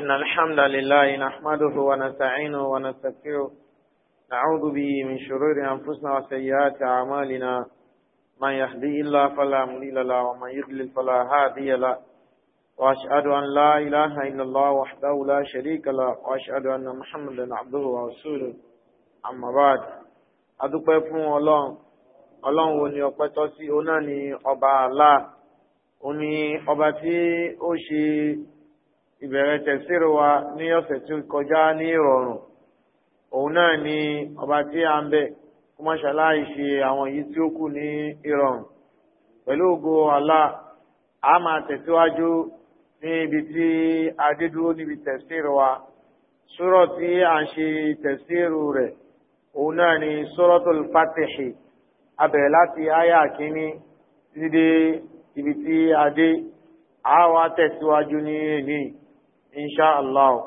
إن الحمد لله نحمده ونستعينه ونستغفره نعوذ به من شرور أنفسنا وسيئات أعمالنا من يهدي الله فلا مضل له ومن يضلل فلا هادي له وأشهد أن لا إله إلا الله وحده لا شريك له وأشهد أن محمدا عبده ورسوله أما بعد adúpẹ́ fún ọlọ́run ọlọ́run wo ni ọpẹ́ tọ́ sí òun náà ni ìbẹ̀rẹ̀ tẹ̀síìrì wa ní ọ̀sẹ̀ tí ó kọjá ní ìrọ̀rùn òun náà ni ọba tí a ń bẹ̀ kó má ṣàláì ṣe àwọn yìí tí ó kù ní ìrọ̀rùn pẹ̀lú ògo Allah a máa tẹ̀síwájú ní ibi tí a dé dúró níbi tẹ̀síìrì wa sọ́rọ̀ tí a ń ṣe tẹ̀síìrì rẹ̀ òun náà ni Suratul Fatihi a bẹ̀rẹ̀ láti àyà kínní títí dé ibi tí a a wá tẹ̀síwájú ní èyí. إن شاء الله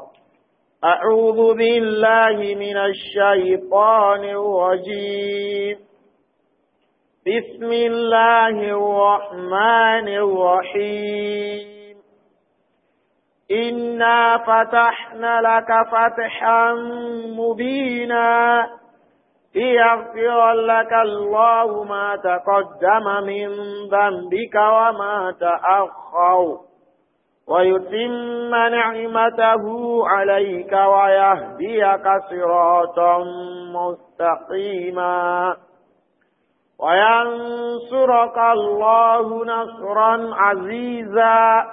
أعوذ بالله من الشيطان الرجيم بسم الله الرحمن الرحيم إنا فتحنا لك فتحا مبينا ليغفر لك الله ما تقدم من ذنبك وما تأخر ويتم نعمته عليك ويهديك صراطا مستقيما وينصرك الله نصرا عزيزا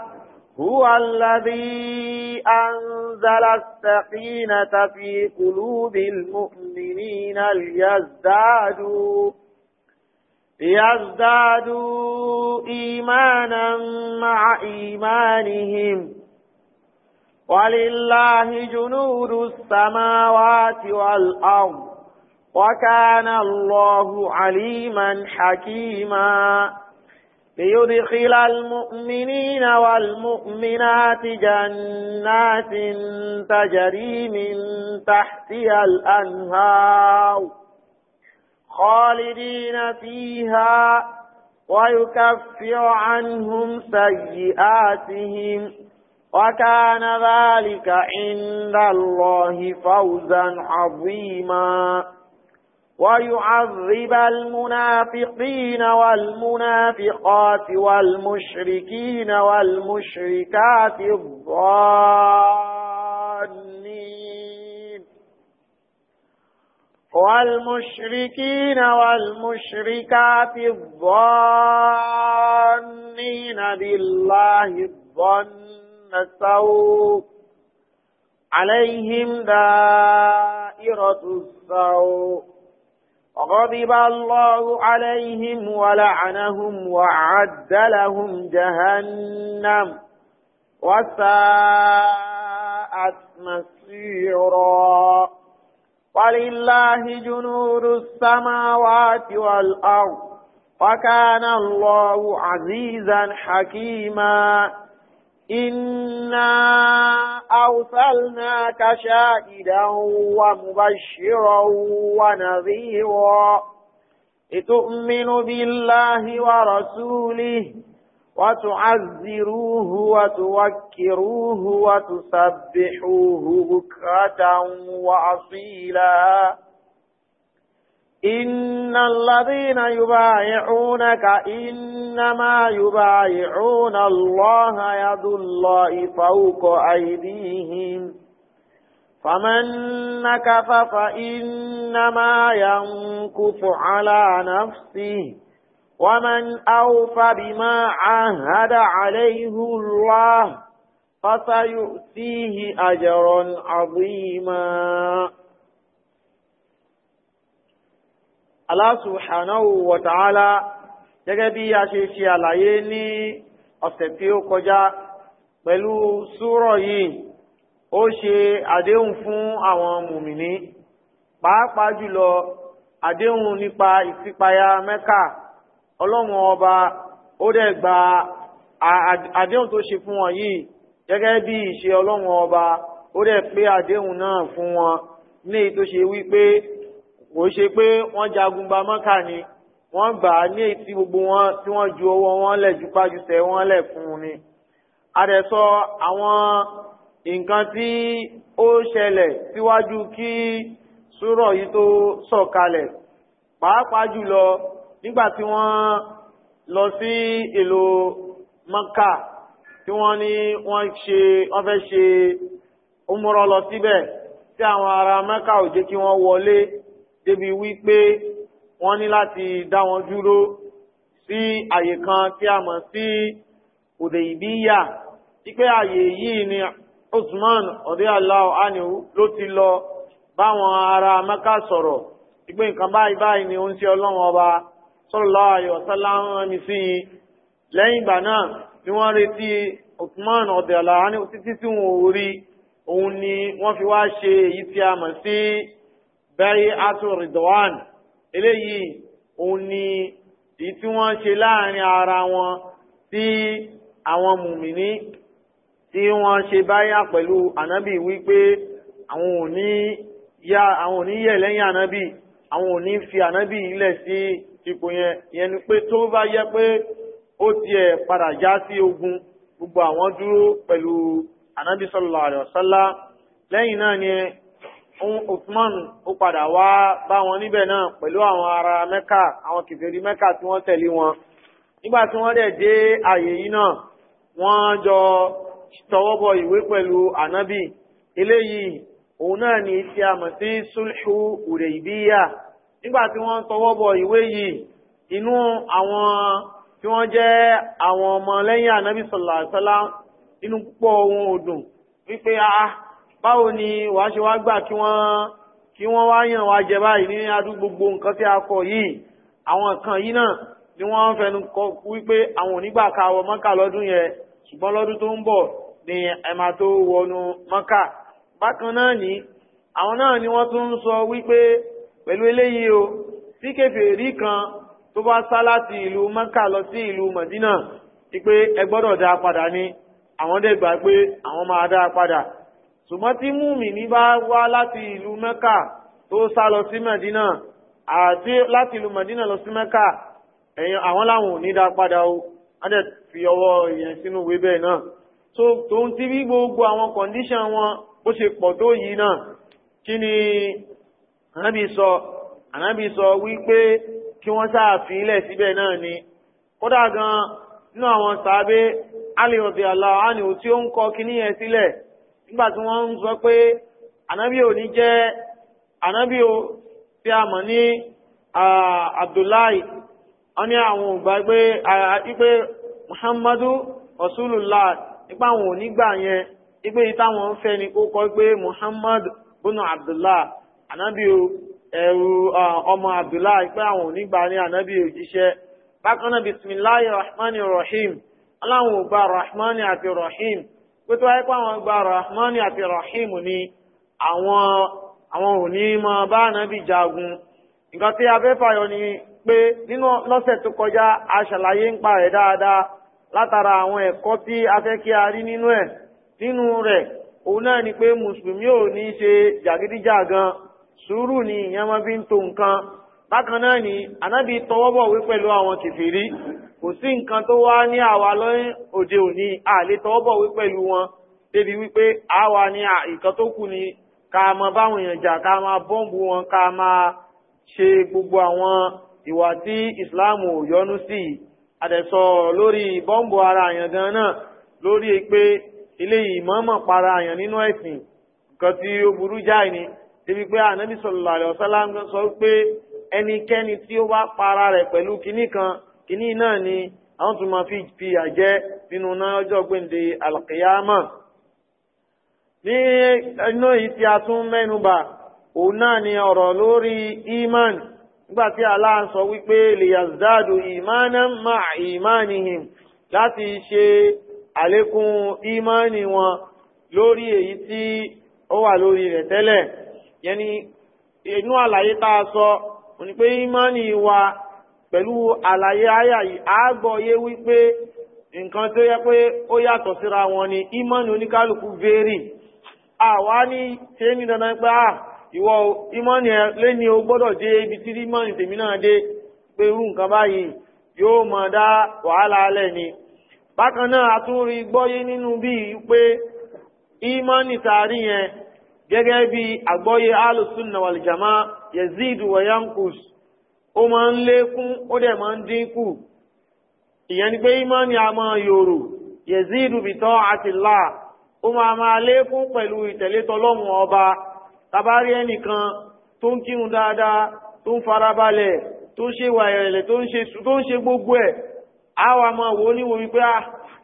هو الذي أنزل السكينة في قلوب المؤمنين ليزدادوا يزدادوا إيمانا مع إيمانهم ولله جنود السماوات والأرض وكان الله عليما حكيما ليدخل المؤمنين والمؤمنات جنات تجري من تحتها الأنهار خالدين فيها ويكفر عنهم سيئاتهم وكان ذلك عند الله فوزا عظيما ويعذب المنافقين والمنافقات والمشركين والمشركات الضالين والمشركين والمشركات الظانين بالله الظن سوء عليهم دائرة السوء غضب الله عليهم ولعنهم وعد لهم جهنم وساءت مسيرا ولله جنود السماوات والأرض وكان الله عزيزا حكيما إنا أرسلناك شاهدا ومبشرا ونذيرا لتؤمنوا بالله ورسوله وتعذروه وتوكروه وتسبحوه بكرة وأصيلا إن الذين يبايعونك إنما يبايعون الله يد الله فوق أيديهم فمن نكف فإنما ينكف على نفسه ومن أوفى بما عهد عليه الله فسيؤتيه أجرا عظيما Allah subhanahu wa ta'ala gẹ́gẹ́ bí a ṣe ṣe àlàyé ní ọ̀sẹ̀ tí ó kọjá pẹ̀lú súrọ̀ yìí ó ṣe àdéhùn fún àwọn mùmìní pàápàá jùlọ àdéhùn nípa ìṣípayá Mẹ́kà ọlọ́run ọba ó dẹ̀ gba àdéhùn tó ṣe fún wọn yìí gẹ́gẹ́ bí ìṣe ọlọ́run ọba ó dẹ̀ pé àdéhùn náà fún wọn ní èyí tó ṣe wípé kò ṣe pé wọ́n jagun ba mọ́kà ni wọ́n gbà á ní èyí tí gbogbo wọn tí wọ́n ju ọwọ́ wọn lẹ̀ ju pájúṣe wọn lẹ̀ fún un ni. a àwọn nǹkan tí ó ṣẹlẹ̀ síwájú kí súrọ̀ yìí tó sọ̀kalẹ̀ pàápàá jùlọ nígbà tí wọ́n lọ sí ìlú Maka tí wọ́n ní wọ́n ṣe wọ́n fẹ́ ṣe umrọ lọ síbẹ̀ tí àwọn ará Maka ò jẹ́ kí wọ́n wọlé débi wípé wọ́n ní láti dá wọn dúró sí àyè kan tí a mọ̀ sí Hudaybiya wípé àyè yìí ni Usman radiyallahu anhu ló ti lọ báwọn ará Maka sọ̀rọ̀ wípé nǹkan báyìí báyìí ni ó ń ṣe ọlọ́run ọba sallallahu alaihi wasallam mi sí i lẹ́yìn ìgbà náà ni wọ́n retí Uthman ọ̀dẹ̀ọ̀lá ní títí tí wọn ò rí òun ni wọ́n fi wá ṣe èyí tí a mọ̀ sí Bay'atu Ridwan eléyìí òun ni èyí tí wọ́n ṣe láàrin ara wọn tí àwọn mùmìnì tí wọ́n ṣe báyà pẹ̀lú ànábì wípé àwọn ò ní lẹ́yìn ànábì àwọn ò fi ànábì ilẹ̀ sí ipò yẹn yẹn ni pé tó bá yẹ pé ó tiẹ̀ padà já sí ogun gbogbo àwọn dúró pẹ̀lú anabi sallallahu alaihi wasallam lẹ́yìn náà ni Uthman ó padà wá bá wọn níbẹ̀ náà pẹ̀lú àwọn ará Mẹ́kà àwọn kìfèrí Mẹ́kà tí wọ́n tẹ̀lé wọn nígbà tí wọ́n dẹ̀ dé àyè yìí náà wọ́n jọ tọwọ́bọ ìwé pẹ̀lú anabi eléyìí òun náà ni tí a mọ̀ sí sulhu Hudaybiyah nígbà tí wọ́n ń tọwọ́ bọ ìwé yìí inú àwọn tí wọ́n jẹ́ àwọn ọmọ lẹ́yìn ànábì sọ̀lá sọ́lá inú púpọ̀ ohun òdùn wípé a báwo ni wàá ṣe wá gbà kí wọ́n kí wọ́n wá yàn wá jẹ báyìí ní adúgbò gbogbo nǹkan tí a kọ yìí àwọn nǹkan yìí náà ni wọ́n ń fẹnu kọ wípé àwọn onígbà ká wọ mọ́kà lọ́dún yẹn ṣùgbọ́n lọ́dún tó ń bọ̀ ni ẹ máa tó wọnú mọ́kà bákan náà ni àwọn náà ni wọ́n tún ń sọ wípé pẹ̀lú eléyìí o tí kèfèrí kan tó bá sá láti ìlú Mẹ́kà lọ sí ìlú Mẹdínà pé ẹ gbọ́dọ̀ dá padà ni àwọn dẹ̀ gbà pé àwọn máa dá padà ṣùgbọ́n tí mùmíní bá wá láti ìlú Mẹ́kà tó sá lọ sí Mẹdínà àti láti ìlú Mẹdínà lọ sí Mẹ́kà ẹ̀yìn àwọn làwọn ò ní dá padà o wọ́n dẹ̀ fi ọwọ́ ìyẹn sínú ìwé bẹ́ẹ̀ náà tó tó ti bí gbogbo àwọn kọ̀ǹdíṣàn wọn bó ṣe pọ̀ tó yìí náà kí ni ànábì sọ ànábì sọ wípé kí wọ́n sáàfin ilẹ̀ síbẹ̀ náà ni kódà gan nínú àwọn sàábé Ali radiyallahu anhu tí ó ń kọ kíní yẹn sílẹ̀ nígbà tí wọ́n ń sọ pé ànábì ò ní jẹ́ ànábì ò tí a mọ̀ ní Abdullahi wọ́n ní àwọn ògbà pé ipe Muhammadu Rasulullah nípa àwọn ò yẹn ipe ìtàwọn ń fẹ́ ni kó kọ pé Muhammad bunu Abdullah ànábì o ọmọ abdullahi pé àwọn ò ní anabiyo ní ànábì òjíṣẹ́ bákan náà rahmani rahim aláwọn ò gba rahmani àti rahim pé tó wáyé rahmani àti rahim ni àwọn àwọn mọ bá ànábì jagun nǹkan tí abẹ́fàyọ ni pé nínú lọ́sẹ̀ tó kọjá a ṣàlàyé ń pa rẹ̀ dáadáa látara àwọn ẹ̀kọ́ tí a fẹ́ kí a rí nínú ẹ̀ nínú rẹ̀ sùúrù ni ìyẹn máa fi ń to nǹkan bákan náà ni ànábì tọwọ́bọ̀wé pẹ̀lú àwọn kìfìrí kò sí nǹkan tó wá ní àwa lọ́yìn òde òní àlè tọwọ́bọ̀wé pẹ̀lú wọn débi wípé àwa ni ìkan tó kù ni ká máa báwọn èèyàn jà ká máa bọ́ǹbù wọn ká máa ṣe gbogbo àwọn ìwà tí ìsìláàmù ò yọ́nú sí àdẹ̀sọ lórí bọ́ǹbù ara àyàn gan náà lórí pé eléyìí mọ̀ọ́mọ̀ para àyàn nínú ẹ̀sìn nǹkan tí ó burú jáì ni débi pé ànábì sallallahu alaihi wasallam sọ pé ẹnikẹ́ni tí ó bá para rẹ̀ pẹ̀lú kinní kan kinní náà ni àwọn tó máa fi fi àjẹ́ nínú náà ọjọ́ gbèǹde alqiyama ní inú èyí tí a tún mẹ́nubà òun náà ni ọ̀rọ̀ lórí iman nígbà tí Allah ń sọ wípé liyazdadu imanan ma'a imanihim láti ṣe àlékún imani wọn lórí èyí tí ó wà lórí rẹ̀ tẹ́lẹ̀ yẹni inú àlàyé tá sọ òní pé ìmánì wa pẹ̀lú àlàyé àyà yìí àgbọ̀yé wípé nǹkan tó yẹ pé ó yàtọ̀ síra wọn ni ìmánì oníkálukú vérì àwa ní ṣe ní dandan pé à ah, ìwọ ìmánì o gbọ́dọ̀ dé ibi tí tèmi náà dé pé irú nǹkan báyìí yóò máa ni bákan náà a tún rí gbọ́yé nínú bíi tààrí gẹ́gẹ́ bí àgbọ́yé alùsùnà wàlìjàmá yazid wayankus ó máa ń lékún ó dẹ̀ máa ń dínkù ìyẹn ni pé ìmánì a máa yòrò yazid bìtọ́ àti là ó máa máa lékún pẹ̀lú ìtẹ̀lé tọlọ́hun ọba tabari ẹnìkan tó ń kírun dáadáa tó ń farabalẹ̀ tó ń ṣe wà ẹ̀rẹ̀lẹ̀ tó ń ṣe gbogbo ẹ̀ á wà máa wò ó níwò wípé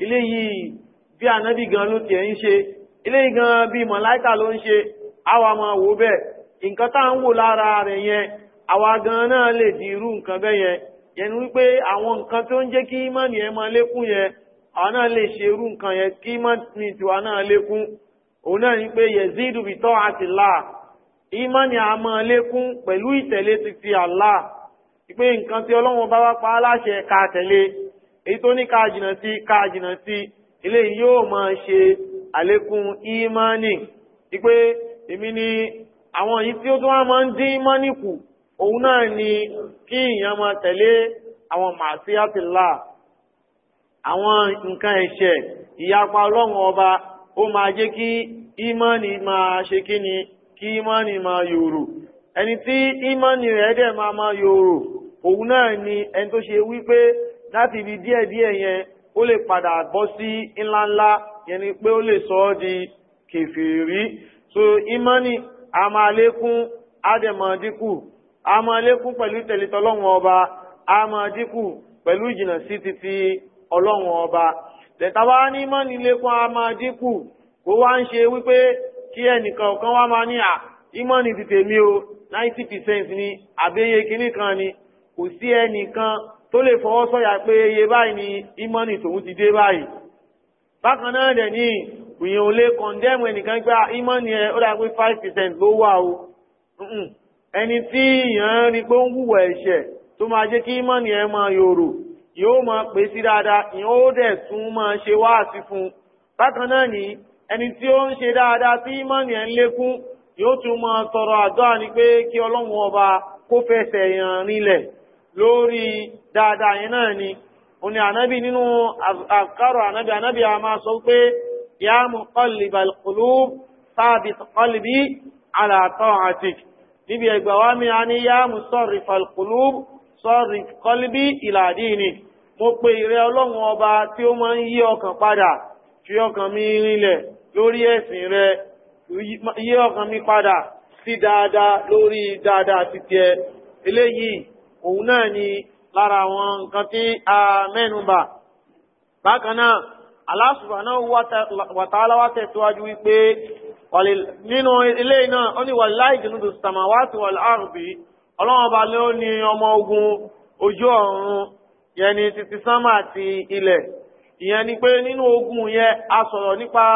ilé ah, yìí bí ànábì gan ló tiẹ̀ ń ṣe ilé yìí gan bí màláíkà ló ń ṣe àwa máa wo bẹ́ẹ̀ nǹkan tá à ń wò lára rẹ̀ yẹn àwa gan náà lè di irú nǹkan bẹ́ẹ̀ yẹn yẹn ni wípé àwọn nǹkan tó ń jẹ́ kí ìmánì yẹn máa lékún yẹn àwa náà lè ṣe irú nǹkan yẹn kí tiwa ni pé a máa lékún pẹ̀lú ìtẹ̀lé ti ti Allah ìpé nǹkan tí Ọlọ́run bá wá pa á láṣẹ ká tẹ̀lé èyí tó ní ká jìnà sí ká jìnà sí eléyìí yóò máa ṣe àlékún èmi ni àwọn yìí tí ó tún wá máa ń dín mọ́nì kù òun náà ni kí èèyàn máa tẹ̀lé àwọn màsíyàtìlá àwọn nǹkan ẹ̀ṣẹ̀ ìyapa ọlọ́run ọba ó máa jẹ́ kí ìmọ́ni máa ṣe kí ni kí ìmọ́ni máa yòrò ẹni tí ìmọ́ni rẹ̀ dẹ̀ máa máa yòrò òun náà ni ẹni tó ṣe wípé láti ibi díẹ̀díẹ̀ yẹn ó lè padà bọ́ sí ńláńlá yẹn ni pé ó lè sọ ọ́ di kèfèrí so imani a máa lékún a dẹ̀ máa dínkù a máa lékún pẹ̀lú tẹ̀lé tọlọ́run ọba a máa dínkù pẹ̀lú ìjìnà sí ti ti ọlọ́run ọba tẹ̀tà wá ní ìmánì lékún a máa dínkù kó wá ń ṣe wípé kí ẹnìkan kan wá máa ní à ìmánì ti tèmi o ninety percent ni àbẹ́yẹ kínní kan ni kò sí ẹnìkan tó lè fọwọ́ sọ̀yà pé iye báyìí ni ìmánì tòun ti dé báyìí bákan náà dẹ̀ ní ìyẹn ò lè kọ̀ndẹ́mù ẹnìkan pé ìmọ̀ni ẹ ó dàgbé five percent ló wà o ẹni tí ìyẹn rí pé ń wùwọ̀ ẹ̀ṣẹ̀ tó máa jẹ́ kí ìmọ̀ni ẹ máa yòrò yóò máa pè sí dáadáa ìyẹn ó dẹ̀ tún máa ṣe wáàsí fún un bákan náà ni ẹni tí ó ń ṣe dáadáa tí ìmọ̀ni ẹ ń lékún yóò tún máa tọrọ àdúrà ni pé kí ọlọ́run ọba kó fẹsẹ̀ yàn rinlẹ̀ lórí dáadáa yẹn náà ni òní ànábì nínú àkàrọ̀ ànábì ànábì a sọ pé يا مقلب القلوب ثابت قلبي على طاعتك níbi ẹgbàwá mi a ní yá mú sọ́rì falkulub sọ́rì kọlbí ìlàdíni mo pe ìrẹ ọlọ́run ọba tí ó máa ń yí ọkàn padà fi ọkàn mi rinlẹ̀ lórí ẹ̀sìn rẹ yí ọkàn mi padà sí dáadáa lórí dáadáa ti tiẹ̀ eléyìí òun náà ni lára àwọn nǹkan tí a mẹ́nubà bákan náà Allah subhanahu wa ta'ala wá tẹ̀síwájú wípé nínú ilé náà ó ní wallahi junudu samawati wal ardi ọlọ́wọ́n ba ló ní ọmọ ogun ojú ọ̀run yẹn ni títí sánmà àti ilẹ̀ ìyẹn ni pé nínú ogun yẹn a sọ̀rọ̀ nípa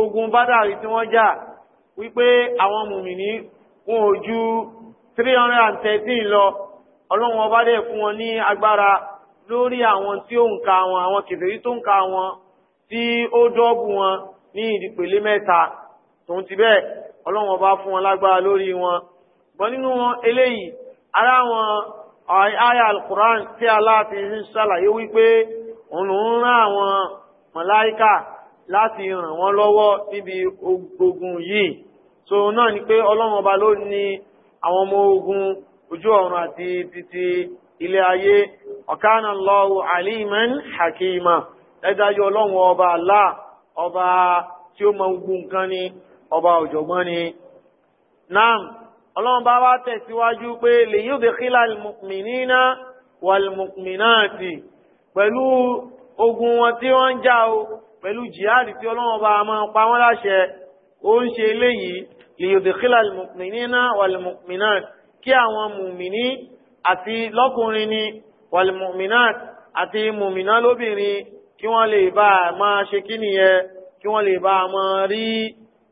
ogun bádàrí tí wọ́n jà wípé àwọn mùmìnì wọn ò ju three hundred and thirteen lọ ọlọ́wọ́n bá dẹ̀ fún wọn ní agbára lórí àwọn tí ó ń ka wọn àwọn kèfèrí tó ń ka wọn tí ó dọ́ọ̀bù wọn ní ìdìpele mẹ́ta tó ń ti bẹ́ẹ̀ ọlọ́run ọba fún wọn lágbára lórí wọn ṣùgbọ́n nínú wọn eléyìí ara wọn àyà alukuran tí aláàfin ń ṣàlàyé wípé òun ló ń rán àwọn mọ̀láíkà láti ràn wọ́n lọ́wọ́ níbi ogun yìí so náà ni pé ọlọ́run ọba ló ní àwọn ọmọ ogun ojú ọ̀run àti títí ilé ayé ọ̀kánà Allahu aliman hakima dájú ọlọ́run ọba Allah ọba tí ó mọ gbogbo nǹkan ni ọba ọ̀jọ̀gbọ́n ni. naam ọlọ́run bá wá tẹ̀síwájú pé liyudkhila al-mu'minina wal-mu'minati pẹ̀lú ogun wọn tí wọ́n ń jà o pẹ̀lú jihad tí ọlọ́run ọba máa pa wọ́n láṣẹ ó ń ṣe eléyìí liyudkhila al-mu'minina wal-mu'minati kí àwọn mùmìnì àti lọ́kùnrin ni wal-mu'minati àti mùmìnà lóbìnrin kí wọ́n lè bá a máa ṣe kí nìyẹn kí wọ́n lè bá a máa rí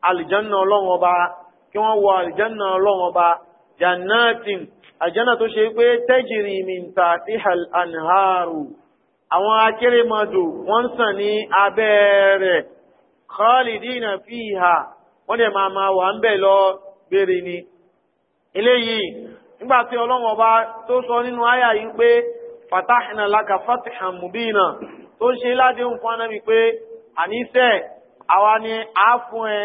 àlìjánná ọlọ́run ọba kí wọ́n wọ àlìjánná ọlọ́run ọba jannatin àlìjánná tó ṣe pé tajri min tahtihal anharu àwọn akérèmọdò wọ́n ń sàn ní abẹ́ rẹ̀ khalidina fiha wọ́n dẹ̀ máa máa wà ń bẹ̀ lọ gbére ni eléyìí nígbà tí ọlọ́run ọba tó sọ nínú àyà yìí pé fatahna laka fathan mubina tó ń ṣe ládéhùn fún anábì pé àníṣe àwa ni a fún ẹ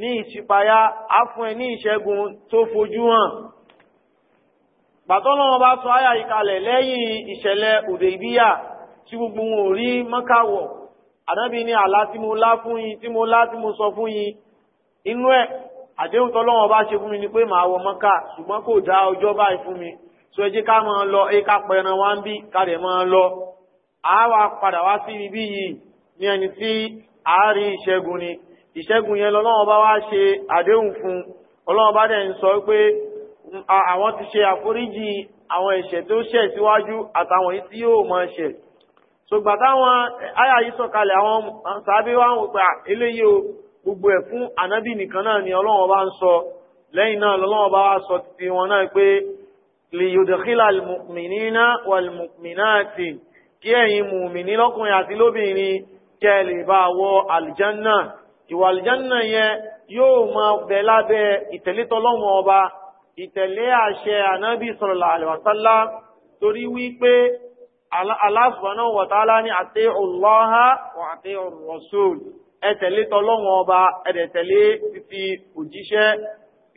ní ìṣípayá a fún ẹ ní ìṣẹ́gun tó fojú hàn gbàtọ́ lọ́wọ́ bá sọ àyà ìkalẹ̀ lẹ́yìn ìṣẹ̀lẹ̀ òdè ìbíyà tí gbogbo wọn ò rí mọ́kàwọ̀ ànábì ní àlá tí mo lá fún yín tí mo lá tí mo sọ fún yín inú ẹ̀ àdéhùn tọ́lọ́wọ́ bá ṣe fún mi ni pé màá wọ mọ́kà ṣùgbọ́n kò dá ọjọ́ báyìí fún mi so ẹ jẹ́ ká máa lọ ẹ ká pẹran wá ń bí ká rẹ̀ máa lọ a wá padà wá sí ibi yìí ní ẹni tí a rí ìṣẹ́gun ni ìṣẹ́gun yẹn lọ́wọ́ bá wá ṣe àdéhùn fún ọlọ́wọ́ bá dẹ̀ ń sọ pé àwọn ti ṣe àforíjì àwọn ẹ̀ṣẹ̀ tó ṣẹ̀ síwájú àtàwọn yìí tí yóò máa ṣẹ̀ ṣùgbà táwọn àyà yìí sọ̀kalẹ̀ àwọn sàábé wa ń wò eléyìí gbogbo ẹ̀ fún ànábì nìkan náà ni ọlọ́wọ́ bá ń sọ lẹ́yìn náà lọ́wọ́ bá wá sọ títí wọn náà pé lè yòdòkílà mùmìnínà wàlmùmìnáàtì kí ẹ̀yin mùmìnì lọ́kùnrin àti lóbìnrin kẹ́ ẹ lè bá wọ àlìjánná ìwà àlìjánná yẹn yóò máa bẹ lábẹ́ ìtẹ̀lé tọlọ́hun ọba ìtẹ̀lé àṣẹ ànábì sallallahu alaihi wasallam torí wípé Allah subhanahu ní ati'u Allaha wa ati'u ẹ tẹ̀lé tọlọ́hun ọba ẹ̀dẹ̀ tẹ̀lé fífi òjíṣẹ́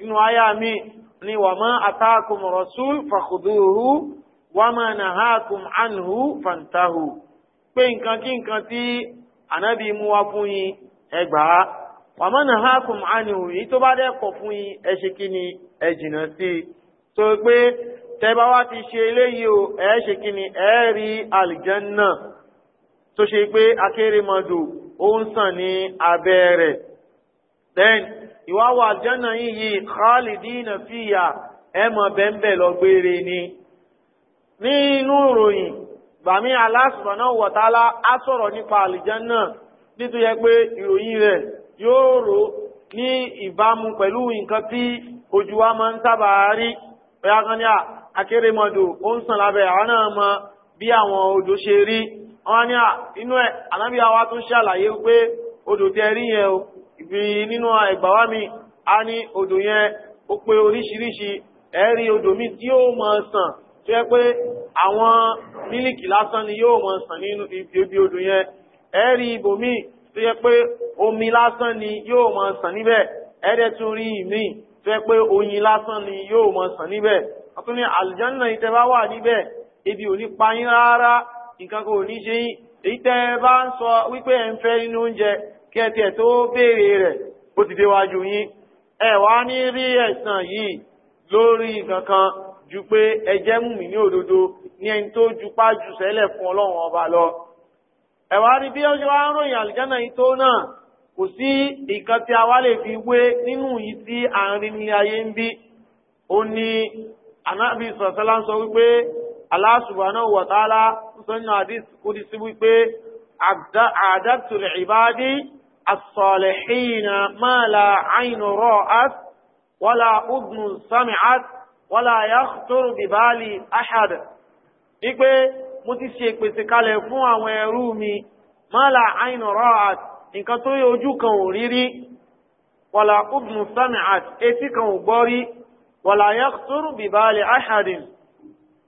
inú ayá mi ni wa ma ataakum wama nahakum anhu fantahu pé nǹkan kí nǹkan tí ànábì mú wá fún yín ẹ gbà á wama nahakum anhu yìí tó bá dẹ́kọ̀ fún yín ẹ ṣe kí ni ẹ jìnnà sí i tó pé tẹ́bá wá ti ṣe eléyìí o ẹ ṣe kí ni ẹ rí àlìjánná tó ṣe pé akérèmọdò ó ń sàn ní abẹ́ rẹ̀ then ìwà wà àlìjánná yìí yìí khalidina fiya ẹ mọ̀ bẹ́ẹ̀ bẹ́ẹ̀ lọ gbére ni ní inú ìròyìn gbàmí Allah subhanahu wa ta'ala á sọ̀rọ̀ nípa àlìjánà nítorí yẹ pé ìròyìn rẹ̀ yóò rò ní ìbámu pẹ̀lú nǹkan tí ojú wa máa ń sábà rí bóyá kan ní akérèmọdò ó ń sàn lábẹ́ àwọn náà mọ bí àwọn odò ṣe rí wọn ní inú ẹ̀ ànábì àwa tún ṣàlàyé pé odò tẹ rí yẹn o ibi nínú ẹgbàá wa mi a ní odò yẹn ó pé oríṣiríṣi ẹ̀rí odò mi tí ó máa sàn tó yẹ pé àwọn mílìkì lásán ni yóò mọ sàn nínú ibi odò yẹn ẹ rí ibòmíì tó yẹ pé omi lásán ni yóò mọ sàn níbẹ̀ ẹ dẹ̀ tún rí ìmíì tó yẹ pé oyin lásán ni yóò mọ sàn níbẹ̀ àtún ní àlùjánná yìí tẹ́ bá wà níbẹ̀ ebi ò ní pa yín rárá nǹkan kò ní ṣe yín èyí tẹ́ bá ń sọ wípé ẹ̀ ń fẹ́ nínú oúnjẹ kí ẹ tiẹ̀ tó béèrè rẹ̀ ó ti déwájú yín ẹ wá ní rí ẹ̀san yìí lórí nǹkan kan ju pé ẹjẹ́ mú mi ní òdodo ní ẹni tó jupá jù sẹ́lẹ̀ fún ọlọ́run ọba lọ. ẹ̀wá rí bí ọjọ́ wa ń ròyìn àlìjáná yìí tó náà kò sí nǹkan tí a wá lè fi wé nínú yìí tí à ń rí ní ayé ń bí. ó ní anábì sọ̀sọ́lá ń sọ wípé Allah subhanahu wa ta'ala ń sọ nínú hadith qudsi wípé a'dadtu li'ibadi as-salihina ma la 'aynu ra'at wa la udhun sami'at wala yakhtur bi bali ahad wípé mo ti ṣe ìpèsè kalẹ̀ fún àwọn ẹrú mi mala ayn ra'at nǹkan tó yẹ ojú kan ò rí rí wala udhun sami'at etí kan ò gbọ́ rí wala yakhtur bi bali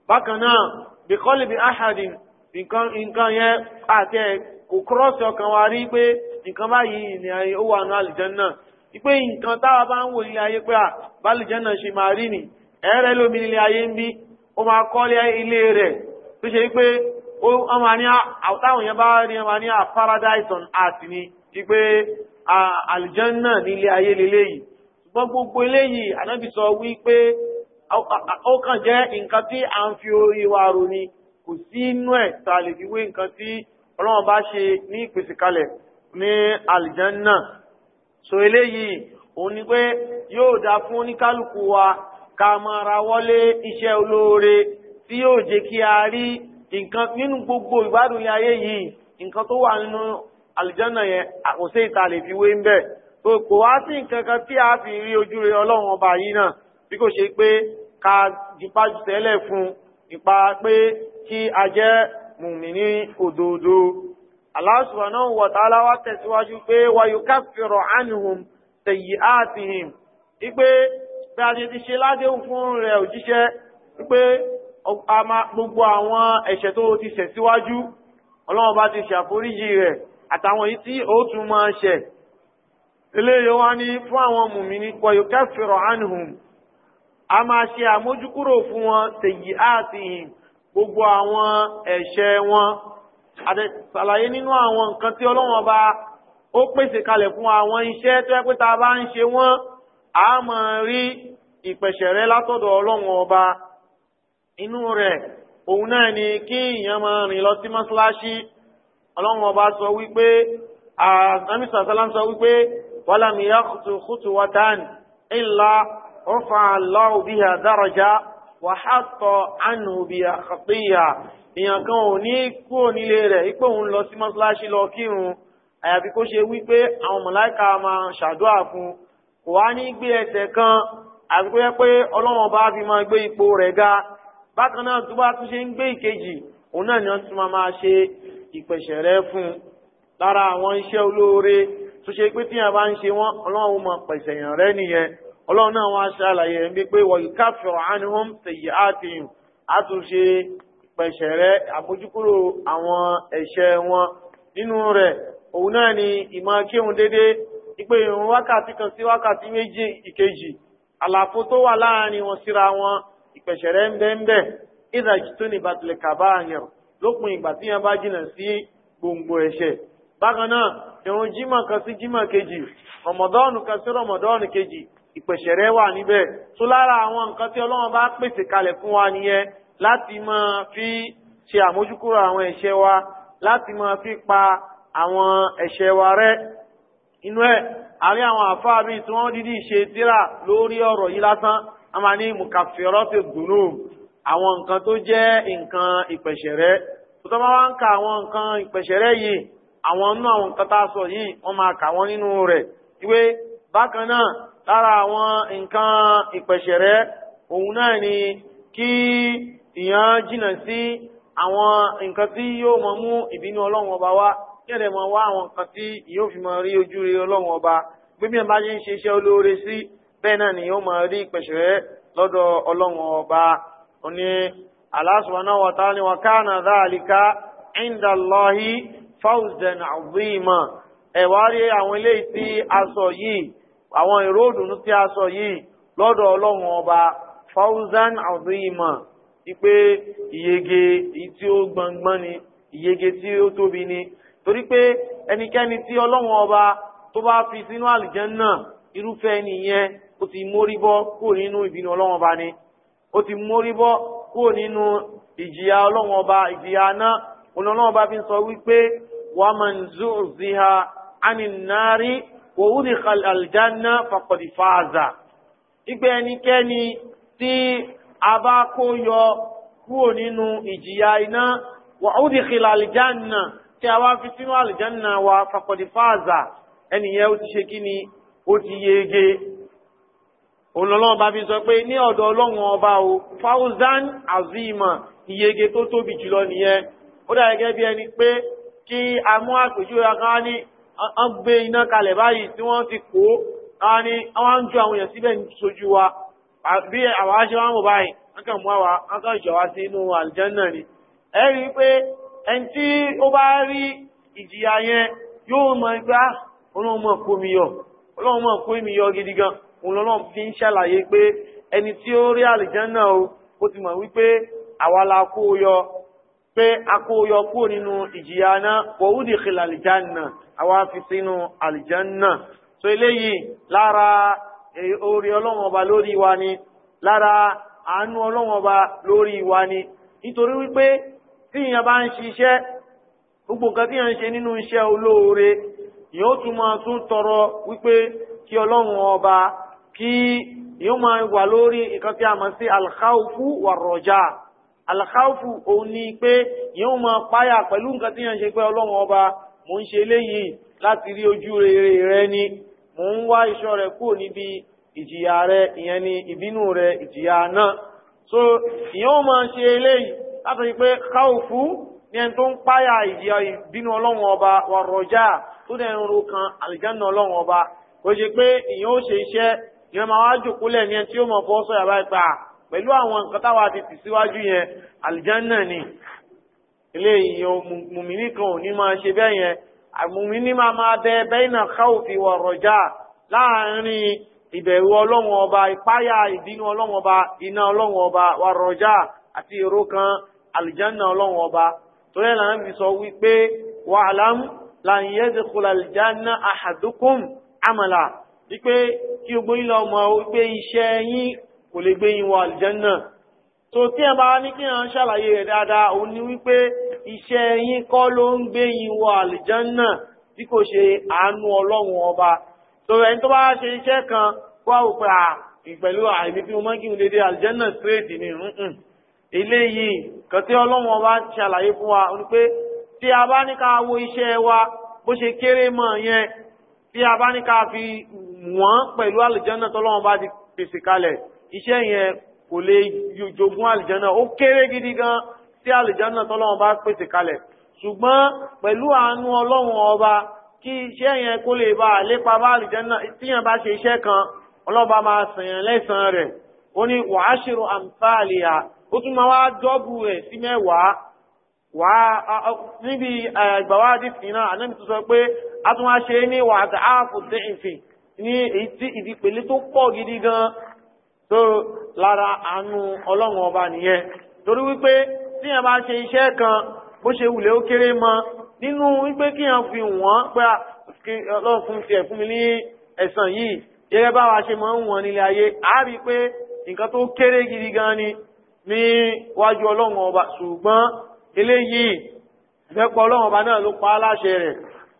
bákan náà bi qalbi ahadin nǹkan yẹn àti ẹ̀ kò kúrọ́ọ̀sì ọkàn wa rí pé nǹkan báyìí ni ó wà ní àlìjẹ́ náà wípé nǹkan táwa bá ń wò ayé pé àbálìjẹ́ náà ṣe máa rí nìyí ẹ̀rẹ́ lómi ilé ayé ń bí ó máa kọ́lé ilé rẹ̀ tó ṣe pé ọmọ ní àtàwọn yẹn bá ní ọmọ ní paradise on earth ni wípé àlìjánná ní ilé ayé lélẹ́yìí ṣùgbọ́n gbogbo eléyìí ànábì sọ wípé ó kàn jẹ́ nǹkan tí à ń fi orí wa rò ni kò sí inú ẹ̀ ta lè fi wé nǹkan tí ọlọ́run bá ṣe ní ìpèsè kalẹ̀ ní àlìjánná so eléyìí òun ni pé yóò dá fún oníkálukú wa ká máa ra wọlé iṣẹ́ olóore tí yóò jẹ́ kí a rí nǹkan nínú gbogbo ìgbádùn ní ayé yìí nǹkan tó wà nínú àlùjànnà yẹn àkóso ìta lè fi wé ń bẹ̀ kò wá sí nǹkan kan tí a fi rí ojú rere ọlọ́run ọba yìí náà bí kò ṣe pé ká jùpá jù tẹ́lẹ̀ fún ipa pé kí a jẹ́ mùmíní òdodo Allah subhanahu wa ta'ala wá tẹ̀síwájú pé wa yukaffiru anhum sayyi'atihim ipe bí a ti ti ṣe ládéhùn fún rẹ̀ òjíṣẹ́ wípé gbogbo àwọn ẹ̀ṣẹ̀ tó ti ṣẹ̀ síwájú ọlọ́run bá ti ṣàforíjì rẹ̀ àtàwọn yìí tí ó tún máa ṣẹ̀ eléyìí wá ní fún àwọn mùmíní pọ̀yọ̀ kẹfìrọ̀ anhum a máa ṣe àmójúkúrò fún wọn tèyí àtìyìn gbogbo àwọn ẹ̀ṣẹ̀ wọn àtẹ̀sàlàyé nínú àwọn nǹkan tí ọlọ́run ọba ó pèsè kalẹ̀ fún àwọn iṣẹ́ tó yẹ pé tá bá ń ṣe wọ́n a máa rí ìpẹ̀ṣẹ̀ rẹ látọ̀dọ̀ ọlọ́run ọba inú rẹ̀ òun náà ni kí èèyàn máa rìn lọ sí mọ́ṣáláṣí ọlọ́run ọba sọ wípé àmì sàṣálàm sọ wípé wàlámi yàkùtù kùtù wàtán ìlà ọ̀fà Allahu biha daraja wàhátọ̀ ànùbíà kàtíyà èèyàn kan ò ní kúrò nílé rẹ̀ ipò òun lọ sí mọ́ṣáláṣí lọ kírun àyàfi kó ṣe wípé àwọn mọ̀láìka máa ṣàdúrà fún un kò wá ní gbé ẹsẹ̀ kan àgbé pé ọlọ́wọ́n bá fi máa gbé ipò rẹ̀ ga bákan náà tó bá tún ṣe ń gbé ìkejì òun náà ni wọ́n tún máa máa ṣe ìpẹ̀ṣẹ̀ rẹ̀ fún un lára àwọn iṣẹ́ olóore tó ṣe pé tí bá ń ṣe wọ́n ọlọ́run mọ̀ pẹ̀sẹ̀ yàn nìyẹn ọlọ́run náà wọ́n aṣọ àlàyé pé wọ́n yìí káfíọ̀ tèyí àtìyàn àwọn ẹ̀ṣẹ̀ wọn nínú ìpè ìrun wákàtí kan sí wákàtí méjì ìkejì àlàfo tó wà láàrin wọn síra wọn ìpẹ̀ṣẹ̀rẹ̀ ń bẹ́ ń bẹ́ ìdàjì tó ní ìbátulẹ̀ kàbá àyàn lópin ìgbà tí yẹn bá jìnà sí gbòǹgbò ẹ̀ṣẹ̀ bákan náà ìrun jímọ̀ kan sí jímọ̀ kejì rọmọdọ́ọ̀nù kan sí rọmọdọ́ọ̀nù kejì ìpẹ̀ṣẹ̀rẹ̀ wà níbẹ̀ tó lára àwọn nǹkan tí ọlọ́run bá pèsè kalẹ̀ fún wa nìyẹn láti máa fi ṣe àmójúkúrò àwọn ẹ̀ṣẹ̀ wa láti máa fi pa àwọn ẹ̀ṣẹ̀ wa rẹ́ inú ẹ̀ àárín àwọn àfáà bíi tí wọ́n dídí ṣe tíra lórí ọ̀rọ̀ yìí lásán a máa ní mùkàfẹ́rọ́ ti dùnú àwọn nǹkan tó jẹ́ nǹkan ìpẹ̀ṣẹ̀rẹ́ tó bá wá ń ka àwọn nǹkan ìpẹ̀ṣẹ̀rẹ́ yìí àwọn nínú àwọn nǹkan tá a sọ yìí wọ́n máa kà wọ́n nínú rẹ̀ ìwé bákan náà lára àwọn nǹkan ìpẹ̀ṣẹ̀rẹ́ òun náà ni kí ìyàn jìnnà sí àwọn nǹkan tí yóò mọ mú ìbínú ọlọ́run ọba wá kẹ́rẹ̀ mọ́ wá àwọn nǹkan tí yóò fi máa rí ojú rí ọlọ́run ọba bí bí ẹ bá ṣe ń ṣe iṣẹ́ olóore sí bẹ́ẹ̀ náà ni yóò máa rí pẹ̀ṣẹ̀ lọ́dọ̀ ọlọ́run ọba oní Allah subhanahu wa ta'ala wa kana dhalika inda Allahi fawzan azima rí àwọn eléyìí tí a sọ yìí àwọn ìró ìdùnnú tí a sọ yìí lọ́dọ̀ ọlọ́run ọba fawzan azima ipe ìyege tí ó gbọngbọ́n ni ìyege tí ó tóbi ni torí pé ẹnikẹ́ni tí ọlọ́run ọba tó bá fi sínú àlùjánnà irúfẹ́ ẹni yẹn ó ti mórí bọ́ kúrò nínú ìbínú ọlọ́run ọba ni ó ti mórí bọ́ kúrò nínú ìjìyà ọlọ́run ọba ìjìyà náà ọlọ́run ọba fi ń sọ wípé wa man zu'ziha 'anin nari wa udkhil al-janna faqad faza ìgbé ẹnikẹ́ni tí a bá kó yọ kúrò nínú ìjìyà iná wa udkhil al tí a wá fi sínú àlìjánná wa fakọ̀dì fáàzà ẹnìyẹn ó ti ṣe kí ni ó ti yege olọ́lọ́wọ́n bá fi sọ pé ní ọ̀dọ̀ ọlọ́run ọba o fawzan azima ìyege tó tóbi jùlọ nìyẹn ó dà gẹ́gẹ́ bí ẹni pé kí a mú àpèjúwe kan ní wọ́n gbé iná kalẹ̀ báyìí tí wọ́n ti kó wọn ni wọ́n ń ju àwọn èèyàn síbẹ̀ sójú wa bí àwọn aṣọ wọn mọ̀ báyìí wọ́n kàn mú àwa wọ́n kàn jọ wá sínú àlìjánná ni ẹ̀rí pé ẹni tí ó bá rí ìjìyà yẹn yóò mọ̀ gbá ah, ọlọ́run kó mi yọ gidi gan òun fi ń ṣàlàyé pé ẹni tí ó rí àlìjánná o ó ti mọ̀ wípé àwa la kó o yọ pé a kó o yọ kúrò nínú ìjìyà náà wọ́wúdì kìlà àlìjánná àwa fi sínú àlìjánná so eléyìí lára e, orí ọlọ́run ọba lórí wa ni lára àánú ọlọ́run lórí wa ni nítorí wípé tí èèyàn bá ń ṣiṣẹ́ gbogbo nǹkan tí èèyàn ń ṣe nínú iṣẹ́ olóore yóò tún máa tún tọrọ wípé kí ọlọ́run ọba kí yóò máa wà lórí nǹkan tí a mọ̀ sí alkhawfu warroja alkhawfu òun ni pé yóò máa páyà pẹ̀lú nǹkan tí èèyàn ṣe pé ọlọ́run ọba mò ń ṣe léyìí láti rí ojú rere rẹ ni mò ń wá iṣọ́ rẹ kúrò níbi ìjìyà rẹ ìyẹn ni ìbínú rẹ ìjìyà náà so yóò máa ṣe eléyìí látàrí pé káwùfù ní ẹni tó ń páyà ìyà ìbínú ọlọ́run ọba wà rọjá tó dẹ̀ ń ro kan àlìjáná ọlọ́run ọba kò ṣe pé ìyẹn ó ṣe iṣẹ́ ìyẹn máa wá jòkó lẹ̀ ní ẹni tí ó mọ̀ fọ́ sọ̀yà báyìí pa pẹ̀lú àwọn nǹkan táwa ti tì síwájú yẹn àlìjáná ni eléyìí mùmíní kan ò ní máa ṣe bẹ́ẹ̀ yẹn mùmíní máa máa bẹ bẹ́ẹ̀nà káwùfì wà rọjá láàárín ìbẹ̀rù ọlọ́run ọba ìpáyà ìbínú ọlọ́run ọba iná ọlọ́run ọba wà rọjá àti èrò kan àlìjánà ọlọ́run ọba torí ẹ̀ làwọn fi sọ wípé wa'lam lan yadkhul àlìjánà ahadukum amala wípé kí gbogbo yín lọ mọ̀ wípé iṣẹ́ yín kò lè gbé yín wọ àlìjánà tó tí ẹ bá ní kí wọn ṣàlàyé rẹ̀ dáadáa òun ni wípé iṣẹ́ yín kọ́ ló ń gbé yín wọ àlìjánà tí kò ṣe àánú ọlọ́run ọba torí ẹni tó bá ṣe iṣẹ́ kan kó àwòpẹ́ à ìpẹ̀lú àìní tí mo mọ́ straight ni eléyìí kan tí ọlọ́run ọba ń ṣàlàyé fún wa ni pé tí a bá ní ká wo iṣẹ́ wa bó ṣe kéré mọ́ yẹn tí a bá ní ká fi wọ́n pẹ̀lú àlùjànnà tọ́lọ́run bá ti pèsè kalẹ̀ iṣẹ́ yẹn kò lè jogún àlùjànnà ó kéré gidi gan tí àlùjànnà tọ́lọ́run bá pèsè kalẹ̀ ṣùgbọ́n pẹ̀lú àánú ọlọ́run ọba kí iṣẹ́ yẹn kó lè bá àlépa bá àlùjànnà tíyàn bá ṣe iṣẹ́ kan ọlọ́ba máa sàn yẹn lẹ́sàn rẹ̀ ó ní wàásù àǹfààlì ó tún máa wá dọ́bù rẹ̀ sí mẹ́wàá wà á níbi ìgbàwádìí fi náà ànábì tó sọ pé a tún wá ṣe ní wàhálà áàfù dẹ́yìnfì ní èyí tí ìdípele tó pọ̀ gidi gan tó lára àánú ọlọ́run ọba nìyẹn torí wípé tí yẹn bá ṣe iṣẹ́ kan bó ṣe wùlẹ̀ ó kéré mọ́ nínú wípé kí yẹn fi wọ́n pé ọlọ́run fún tiẹ̀ fún mi ní ẹ̀san yìí yẹ́rẹ́ bá wa ṣe máa ń wọ́n nílé ayé a rí pé nǹkan tó kéré gidi gan ni ní wájú ọlọ́run ọba ṣùgbọ́n eléyìí ìfẹ́pọ̀ ọlọ́run ọba náà ló pa á láṣẹ rẹ̀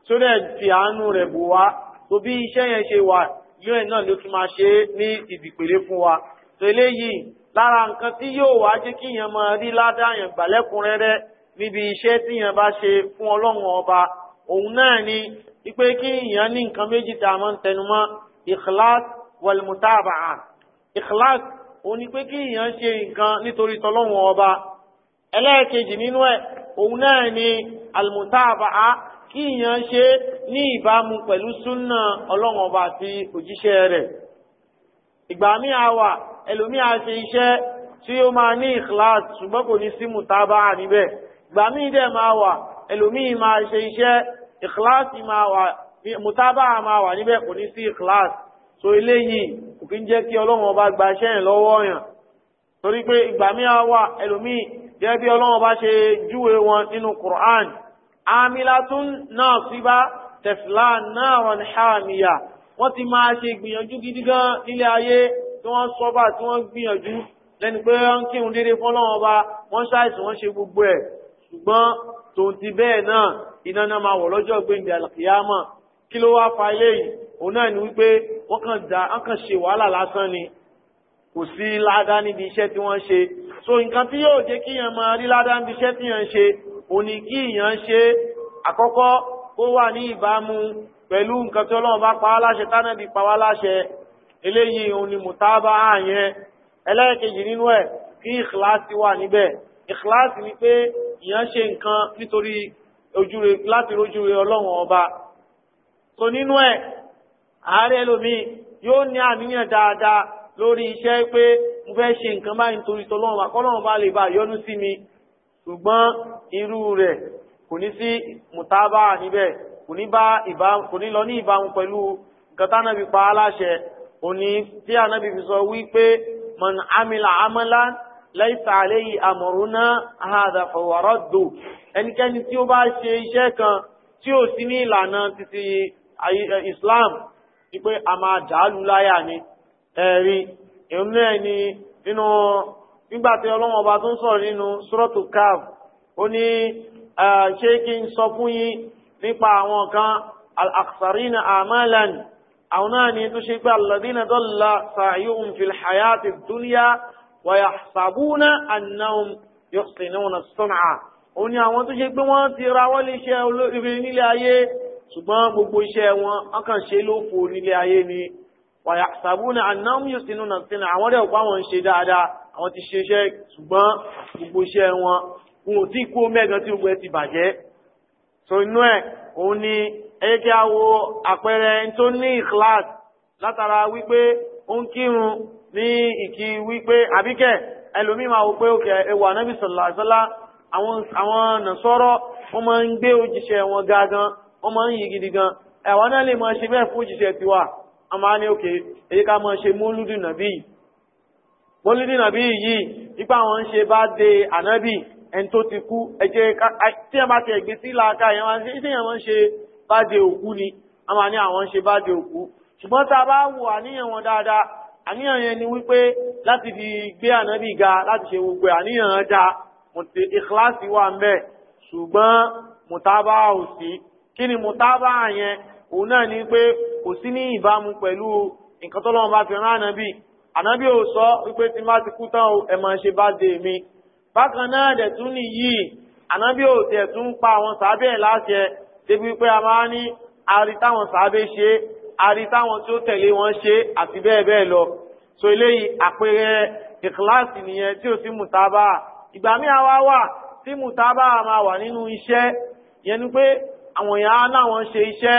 tó dẹ̀ fi àánú rẹ̀ bò wá tó bí iṣẹ́ yẹn ṣe wà yóò ẹ̀ náà ló tún máa ṣe é ní ìdìpèlé fún wa tó eléyìí lára nǹkan tí yóò wá jẹ́ kí yẹn máa rí ládàáyàn gbàlẹ́kùnrẹ́rẹ́ níbi iṣẹ́ tí yẹn bá ṣe fún ọlọ́run ọba òun náà ni wípé kí yẹn ní nǹkan méjì tá a máa ń tẹnumọ́ ikhlas wal mutaba'a ikhlas òun ni pé kí èèyàn ṣe nǹkan nítorí tọlọ́run ọba ẹlẹ́ẹ̀kejì nínú ẹ̀ òun náà ni almutaba'a kí èèyàn ṣe ní ìbámu pẹ̀lú súnà ọlọ́run ọba àti òjíṣẹ́ rẹ̀ ìgbà míì a wà ẹlòmíì a ṣe iṣẹ́ tí ó máa ní ìkìláàsì ṣùgbọ́n kò ní sí mutaba'a níbẹ̀ ìgbà míì dẹ̀ máa wà ẹlòmíì máa ṣe iṣẹ́ ìkìláàsì máa wà mutaba'a máa wà níbẹ̀ kò ní sí ìkìláàsì so eléyìí kò kí ń jẹ́ kí ọlọ́run ọba gba iṣẹ́ yẹn lọ́wọ́ yàn torí pé ìgbà mi á wà ẹlòmíì gẹ́gẹ́ bí ọlọ́run ọba ṣe júwe wọn nínú Qur'an amilatun nasiba tẹ̀sílà naran hamiya wọ́n ti máa ṣe gbìyànjú gidi gan nílé ayé tí wọ́n sọ́bà tí wọ́n gbìyànjú lẹ́nu pé wọ́n kírun déédéé fún ọlọ́run ọba wọ́n ṣàìsàn wọ́n ṣe gbogbo ẹ̀ ṣùgbọ́n tòun ti bẹ́ẹ̀ náà iná máa wọ̀ lọ́jọ́ gbẹ̀ǹdẹ̀ àlàkìyámà kí ló wá fa eléyìí òun náà ni wípé wọ́n kàn dá wọ́n kàn ṣe wàhálà lásán ni kò sí ládá níbi iṣẹ́ tí wọ́n ṣe so nǹkan tí yóò jẹ́ kí yẹn máa rí ládá níbi iṣẹ́ tí yẹn ń ṣe òun ni kí yẹn ṣe àkọ́kọ́ kó wà ní ìbámu pẹ̀lú nǹkan tí ọlọ́run bá pa á láṣẹ tánàbí pa wá láṣẹ eléyìí òun ni mùtábà yẹn ẹlẹ́ẹ̀kejì nínú ẹ̀ kí ìkìláàsì wà níbẹ̀ ìkìláàsì ni pé ìyẹn ṣe nǹkan nítorí ojúre láti rójúre ọlọ́run ọba so nínú ẹ̀ ààrẹ lomi yóò ní àníyàn dáadáa lórí iṣẹ́ pé mo fẹ́ ṣe nǹkan báyìí nítorí tọlọ́run àkọ́lọ́run bá lè bá yọ́nú sí mi ṣùgbọ́n irú rẹ̀ kò ní sí mùtábà níbẹ̀ kò ní lọ ní ìbámu pẹ̀lú nǹkan tánàbí pa aláṣẹ òní tí ànábì fi sọ wípé man amila amalan laysa alayhi amruna hadha fahuwa raddu ẹnikẹ́ni tí ó bá ṣe iṣẹ́ kan tí ò sí ní ìlànà títí Islam wípé a máa dàálù láyà ni ẹ̀rí ìrún náà ni nínú nígbàtí ọlọ́wọ́n ọba tó ń sọ̀rọ̀ nínú sọ́rọ̀tù káf ó ní ṣé kí n sọ fún yín nípa àwọn kan al-aksarina amalan àwọn náà ni tó ṣe pé alladina dọ́là sàyún fil hayati dunya wa yahsabuna annahum yuhsinuna sun'a ó ní àwọn tó ṣe pé wọ́n ti rawọ́ lè ṣe olórí ayé ṣùgbọ́n gbogbo iṣẹ́ wọn ọkàn ṣe ló fò nílé ayé ni wàyà sàbúnà ànáwó yóò sínú náà sínú àwọn rẹ̀ òpá wọn ń ṣe dáadáa àwọn ti ṣe iṣẹ́ ṣùgbọ́n gbogbo iṣẹ́ wọn wọn ò tí kó mẹ́gan tí gbogbo ẹ ti bàjẹ́ so inú ẹ̀ òun ni ẹyẹ kí a wo àpẹẹrẹ tó ní ìkíláàs látara wípé ó ń kírun ní ìkí wípé àbíkẹ́ ẹlòmíì máa wò pé òkè ẹwà anábì sọ̀lá àwọn nàṣọ́rọ̀ wọ́n máa ń gbé òjíṣẹ́ wọn gágan ó máa ń yí gidi gan ẹ̀wọ̀n náà lè máa ṣe bẹ́ẹ̀ fún òjíṣẹ́ tiwa a máa ní òkè èyí ká máa ṣe mólúdì nàbí mólúdì nàbí yìí nípa àwọn ń ṣe bá de ànábì ẹni tó ti kú ẹjẹ tí ẹ bá ti ẹgbẹ sí làákà yẹn máa ń ṣe tí ẹ máa ń ṣe bá de òkú ni a máa ní àwọn ń ṣe bá de òkú ṣùgbọ́n tá a bá wo àníyàn wọn dáadáa àníyàn yẹn ni wípé láti fi gbé ànábì ga láti ṣe gbogbo àníyàn dáa mo ti ìkíláàsì wà ń bẹ ṣùgbọ́n mùtábà ò sí kí ni mùtábà yẹn òun náà ni pé kò sí ní ìbámu pẹ̀lú nǹkan tọ́lọ́run bá fi rán ànábì ànábì ò sọ wípé tí má ti kú tán o ẹ̀ máa ṣe bá dé mi bákan náà dẹ̀ tún nìyí ànábì ò tẹ̀ tún pa àwọn sàábẹ̀ ẹ̀ láṣẹ débi pé a máa ní ari táwọn sàábẹ̀ ṣe ari táwọn tí ó tẹ̀lé wọn ṣe àti bẹ́ẹ̀ bẹ́ẹ̀ lọ so eléyìí àpẹẹrẹ ìkíláàsì nìyẹn tí ò sí mùtábà ìgbà míì àwa wà tí mùtábà máa wà nínú iṣẹ́ yẹn ni pé àwọn èèyàn láwọn ṣe iṣẹ́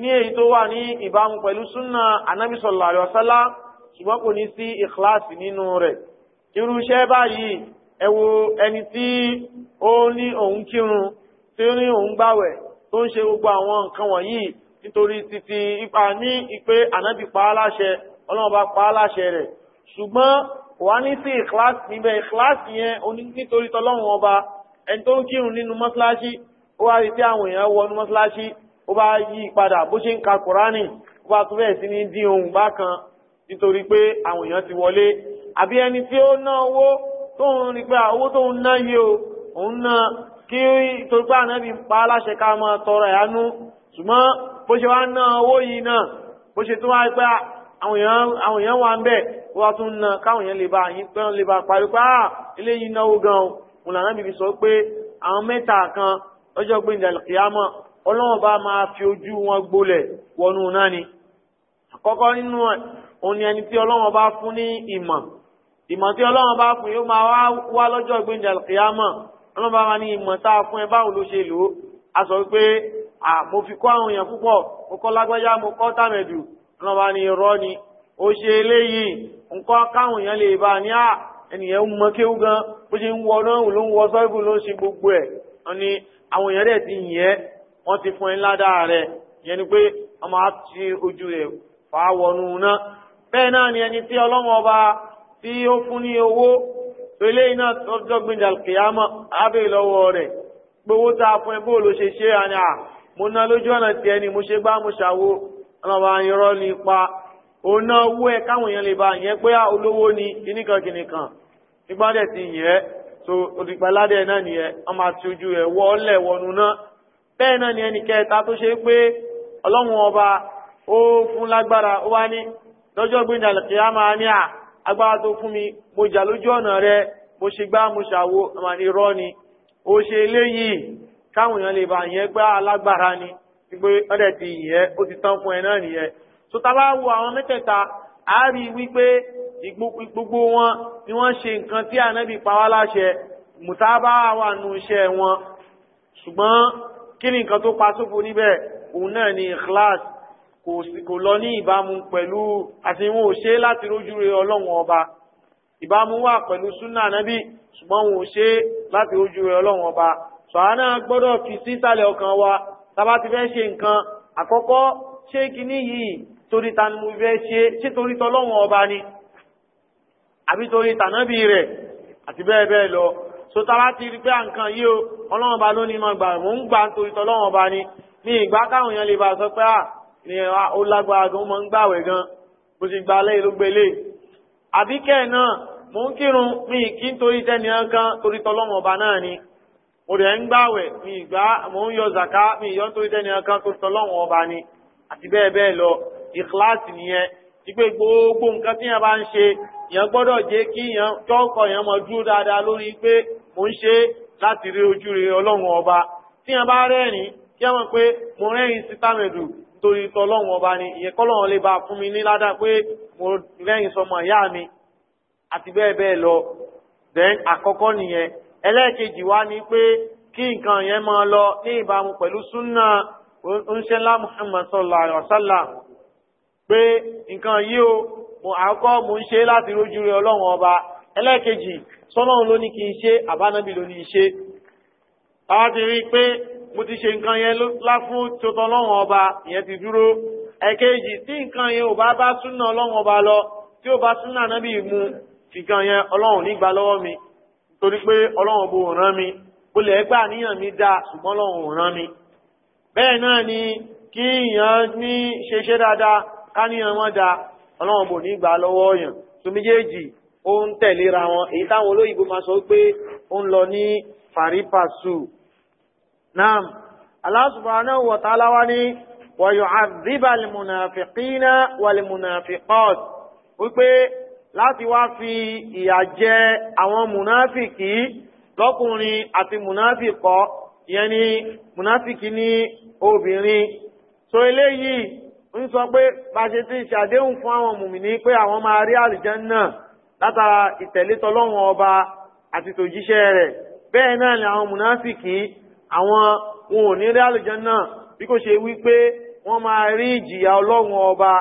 ní èyí tó wà ní ìbámu pẹ̀lú súnà anábì sallallahu alaihi wasallam ṣùgbọ́n kò ní sí ìkíláàsì nínú rẹ̀ irú iṣẹ́ báyìí ẹ wo ẹni tí ó ní òun kírun tí ó ní òun gbàwẹ̀ tó ń ṣe gbogbo àwọn nǹkan wọ̀nyí nítorí títí ipa ní ìpè anábì pa á láṣẹ ọlọ́run bá pa á láṣẹ rẹ̀ ṣùgbọ́n wà ní sí ìkíláàsì níbẹ̀ ìkíláàsì yẹn nítorí tọlọ́run ọba ẹni tó ń kírun nínú mọ́ṣáláṣí ó wá rí tí àwọn èèyàn wọnú mọ́ṣáláṣí ó bá yí padà bó ṣe ń ka kùránì ó bá tún bẹ̀rẹ̀ sí ní dín ohun bákan nítorí pé àwọn èèyàn ti wọlé àbí ẹni tí ó ná owó tóun rí pé ah, owó tóun ná yìí o òun ná kí torí pé ànábì ń pa aláṣẹ ká máa tọrọ ìyánú ṣùgbọ́n bó ṣe wá ná owó yìí náà bó ṣe tún wá pé ah, àwọn èèyàn wà ń bẹ̀ ó wá tún ná káwọn èèyàn lè ba àyín pé wọ́n lè ba parí pé ah eléyìí náwó gan-an òun làná bìbí sọ pé àwọn mẹ́ta kan lọ́jọ́ gbé ìdàlẹ̀ kìámọ̀ ọlọ́run bá máa fi ojú wọn gbolẹ̀ wọnú náà ni àkọ́kọ́ nínú ẹ̀ òun ni ẹni tí ọlọ́run bá fún ní ìmọ̀ ìmọ̀ tí ọlọ́run bá fún yóò máa wá lọ́jọ́ gbé ìdàlẹ̀ kìámọ̀ ọlọ́run bá máa ní ìmọ̀ tá a fún ẹ báwo ló ṣe lò ó a sọ pé mo fi kọ́ àwọn èèyàn púpọ̀ mo kọ́ lágbájá mo kọ́ tàmẹ̀dù ọlọ́run bá ni ó ṣe eléyìí nǹkan káwọn èèyàn lè bá ní ní àwọn èèyàn rẹ̀ ti yẹ wọ́n ti fún ẹ ládàá rẹ̀ yẹn ni pé ọmọ á ti ojú rẹ̀ fà náà bẹ́ẹ̀ náà ni ẹni tí ọlọ́mọ ọba tí ó fún ní owó pélé iná tọ́jọ́gbìn dàlùkìyàmọ̀ ábẹ́ lọ́wọ́ rẹ̀ gbowó tá a fún ẹ bóòlù ṣe ṣe àná mo ná lójú ọ̀nà tiẹ̀ ni mo ṣe gbá mo ṣàwo ọlọ́mọ ayọ̀rọ̀ ní ipa òun náà wú ẹ káwọn èèyàn lè ba yẹn pé olówó ni kíníkan kíníkan nígbà dẹ̀ ti yẹn so òdìpẹ́ládẹ́ náà ni wọ́n máa ti ojú ẹ̀ wọ́ọ́lẹ̀ wọnú náà bẹ́ẹ̀ náà ni ẹnì kẹta tó ṣe pé ọlọ́run ọba ó fún lágbára ó wá ní lọ́jọ́ gbẹ̀dẹ̀ àlùkìyámà ní à agbára tó fún mi mo jà lójú ọ̀nà rẹ mo ṣe gbá mo ṣàwo àmà ní irọ́ ni ó ṣe eléyìí káwọn èèyàn lè bá yẹn gbá alágbára ni pé ọ̀dẹ̀ ti yẹ ó ti tán fún ẹ náà nìyẹn so tá a bá wo àwọn mẹ́tẹ̀ẹ̀ta àá wípé gbogbo wọn ni wọ́n ṣe nǹkan tí ànábì pa wá láṣẹ mùtábà wà nù iṣẹ́ wọn ṣùgbọ́n kí ni nǹkan tó pa sófo níbẹ̀ òun náà ni ikhlas kò lọ ní ìbámu pẹ̀lú àti wọn ò ṣe láti rójú rẹ ọlọ́run ọba ìbámu wà pẹ̀lú súnà ànábì ṣùgbọ́n wọn ò ṣe láti rójú rẹ ọlọ́run ọba sọ̀hánà gbọ́dọ̀ fi sísàlẹ̀ ọkàn wa tábà ti fẹ́ ṣe nǹkan àkọ́kọ́ ṣé kíní yìí torí ta ni mo fẹ́ ṣe ṣé torí tọlọ́run ọba ni àbí torí tànábì rẹ̀ àti bẹ́ẹ̀ bẹ́ẹ̀ lọ sota láti rí pé nǹkan yìí o ọlọ́run ba ló ní ma gbà mò ń gbà nítorí tọ́lọ́run ba ni ní ìgbà káwọn èèyàn lè bá sọ pé ah, à ní ó lágbára gan mọ́ ń gbàwẹ̀ gan bó ti gba alẹ́ ló gbélé àbíkẹ́ náà mò ń kírun mi kí nítorí tẹ́ni kan torí tọ́lọ́run ọba náà ni mo rẹ̀ ń gbàwẹ̀ mi ìgbà mò ń yọ zàká mi ìyọ́ nítorí tẹ́ni kan torí tọ́lọ́run ọba ni àti bẹ́ẹ̀ bẹ́ẹ̀ lọ ìkíláàsì nìyẹn ìpè gbogbo nǹkan tí yẹn bá ń ṣe yẹn gbọ́dọ̀ jẹ́ kí yẹn tọ́kọ̀ yẹn mọ dúró dáadáa lórí pé mò ń ṣe láti rí ojú rere ọlọ́run ọba tí yẹn bá rẹ́rìn kí yẹn mọ̀ pé mo rẹ́rìn sítámẹ̀dù nítorí tọ́lọ́run ọba ni ìyẹn kọ́lọ́run lè ba fún mi ní ládàá pé mo rẹ́rìn sọmọ ìyá mi àti bẹ́ẹ̀ bẹ́ẹ̀ lọ then àkọ́kọ́ nìyẹn ẹlẹ́ẹ̀kejì wá ni pé kí nǹkan yẹn máa lọ ní ìbámu pẹ̀lú súnà ńṣẹ́lá Muhammad sallallahu alaihi wasallam pé nǹkan yìí o mo àkọ́ mo ń ṣe láti rójú rẹ ọlọ́run ọba ẹlẹ́ẹ̀kejì sọ́lọ́run ló ní kí n ṣe àbánábì ló ní í ṣe àwọn ti rí i pé mo ti ṣe nǹkan yẹn láfún tuntun ọlọ́run ọba ìyẹn ti dúró ẹ̀kejì tí nǹkan yẹn ò bá bá súnà ọlọ́run ọba lọ tí ò bá súnà nábì mu nǹkan yẹn ọlọ́run nígbà lọ́wọ́ mi torí pé ọlọ́run bò rán mi ó lè gbà níyàn mi dáa ṣùgbọ́n ọlọ́run ò rán mi bẹ́ẹ̀ náà ni kí èèyàn ní ṣe ṣe dáadáa káníyàn wọn da ọlọ́run bò ní gbà lọ́wọ́ yàn tó méjèèjì ó ń tẹ̀léra wọn èyí táwọn olóyìnbó máa sọ pé ó ń lọ ní faripasu naam Allah subhanahu wa ta'ala wá ní wa yu'adhdhiba al-munafiqina wal-munafiqat wípé láti wá fi ìyà jẹ àwọn mùnáfìkì lọ́kùnrin àti mùnáfìkọ ìyẹn ni mùnáfìkì ní obìnrin so eléyìí ń sọ pé bá ṣe ti ṣàdéhùn fún àwọn mùmìnì pé àwọn máa rí àlùjánnà látara ìtẹ̀lé tọlọ́hun ọba àti tòjíṣẹ́ rẹ̀ bẹ́ẹ̀ náà ni àwọn mùnáfìkì àwọn wọn ò ní rí àlùjánnà bí kò ṣe wí pé wọ́n máa rí ìjìyà ọlọ́hun ọba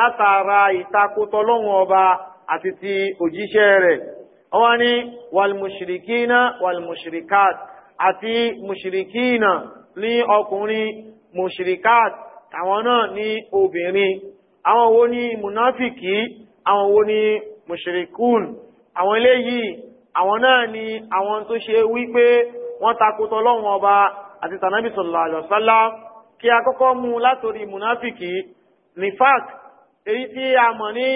látara ìtakò tọlọ́hun ọba àti ti òjíṣẹ́ rẹ̀ wọ́n ní wàlmùsìrìkínà wàlmùsìrìkát àti mùsìrìkínà ní ọkùnrin mùsìrìkát àwọn náà ní obìnrin àwọn wo ní munafiki àwọn wo ní mushrikun àwọn eléyìí àwọn náà ni àwọn tó ṣe wípé wọ́n takotọ lọ́wọ́n ọba àti tànàbí sallallahu alaihi wasallam kí a kọ́kọ́ mú látòrí munafiki nifak èyí tí a mọ̀ ní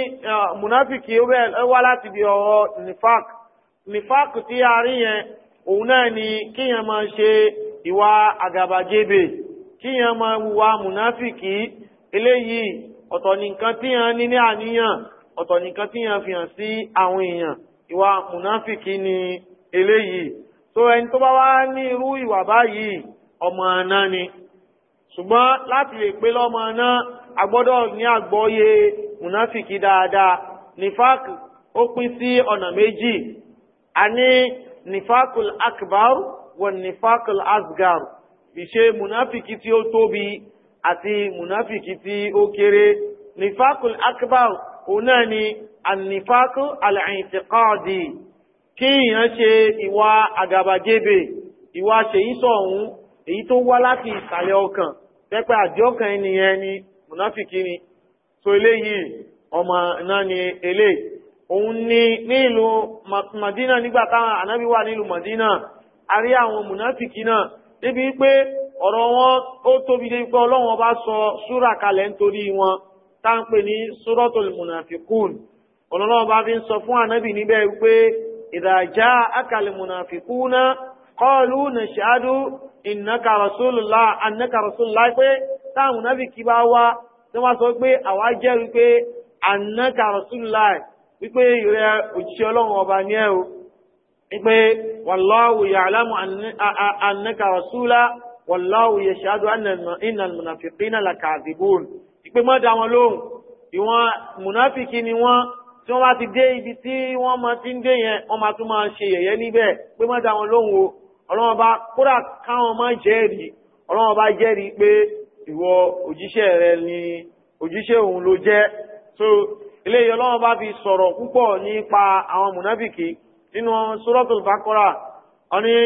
munafiki ó wá láti bí ọ̀rọ̀ nifak nifak tí a rí yẹn òun náà ni kíyàn máa ṣe ìwà àgàbàgebè kíyàn máa wùwà mùnáfìkì eléyìí ọ̀tọ̀ nìkan tíyàn ní ní àníyàn ọ̀tọ̀ nìkan tíyàn fi hàn sí àwọn èèyàn ìwà mùnáfìkì ni eléyìí tó ẹni tó bá wá ní irú ìwà báyìí ọmọ àná ni ṣùgbọ́n láti lè pé lọ́mọ àná agbọ́dọ̀ ní àgbọ́yé mùnáfìkì dáadáa nifak ó pín sí ọ̀nà méjì a ní nifakul akbar wa nifakul asgar ìṣe mùnáfìkì tí ó tóbi àti mùnáfìkì tí ó kéré nifakul akbar òun náà ni ànífàkù àlàyìntìkọ́ọ̀dì kí èèyàn ṣe ìwà àgàbàgebè ìwà ṣèyí sọ̀hún èyí tó wá láti ìsàlẹ̀ ọkàn pẹ́pẹ́ àdíọ́kàn ènìyàn ni mùnáfìkì ni so eléyìí ọmọ náà ni eléyìí òun ni ní ìlú Madina nígbà táwọn ànábì wà nílùú Madina a rí àwọn mùnáfìkì náà débi pé ọ̀rọ̀ wọn ó tóbi débi pé ọlọ́run ọba sọ súrà kalẹ̀ nítorí wọn tá ń pè ní súrọ́tòlì mùnàfíkùn ọlọ́run ọba fi ń sọ fún ànábì níbẹ̀ pé ìdàjà àkàlì mùnàfíkùn náà kọ́ọ̀lù nàṣàdù ìnàkà rasulùlá ànàkà rasulùlá pé táwọn nàbì kí bá wá tí wọ́n ipe wallahu ya'lamu annaka rasula wallahu yashhadu anna innal munafiqina lakazibun ipe má dá wọn lóhùn ìwọ̀n munafiki ni wọ́n tí wọ́n bá ti dé ibi tí wọ́n máa ti ń dé yẹn wọ́n máa tún máa ṣe yẹ̀yẹ́ níbẹ̀ pé má dá wọn lóhùn o Ọlọ́run bá kódà káwọn má jẹ́rìí Ọlọ́run bá jẹ́rìí pé ìwọ òjíṣẹ́ rẹ ni òjíṣẹ́ òun ló jẹ́ so eléyìí Ọlọ́run bá fi sọ̀rọ̀ púpọ̀ nípa àwọn munafiki nínú suratul Baqara ọni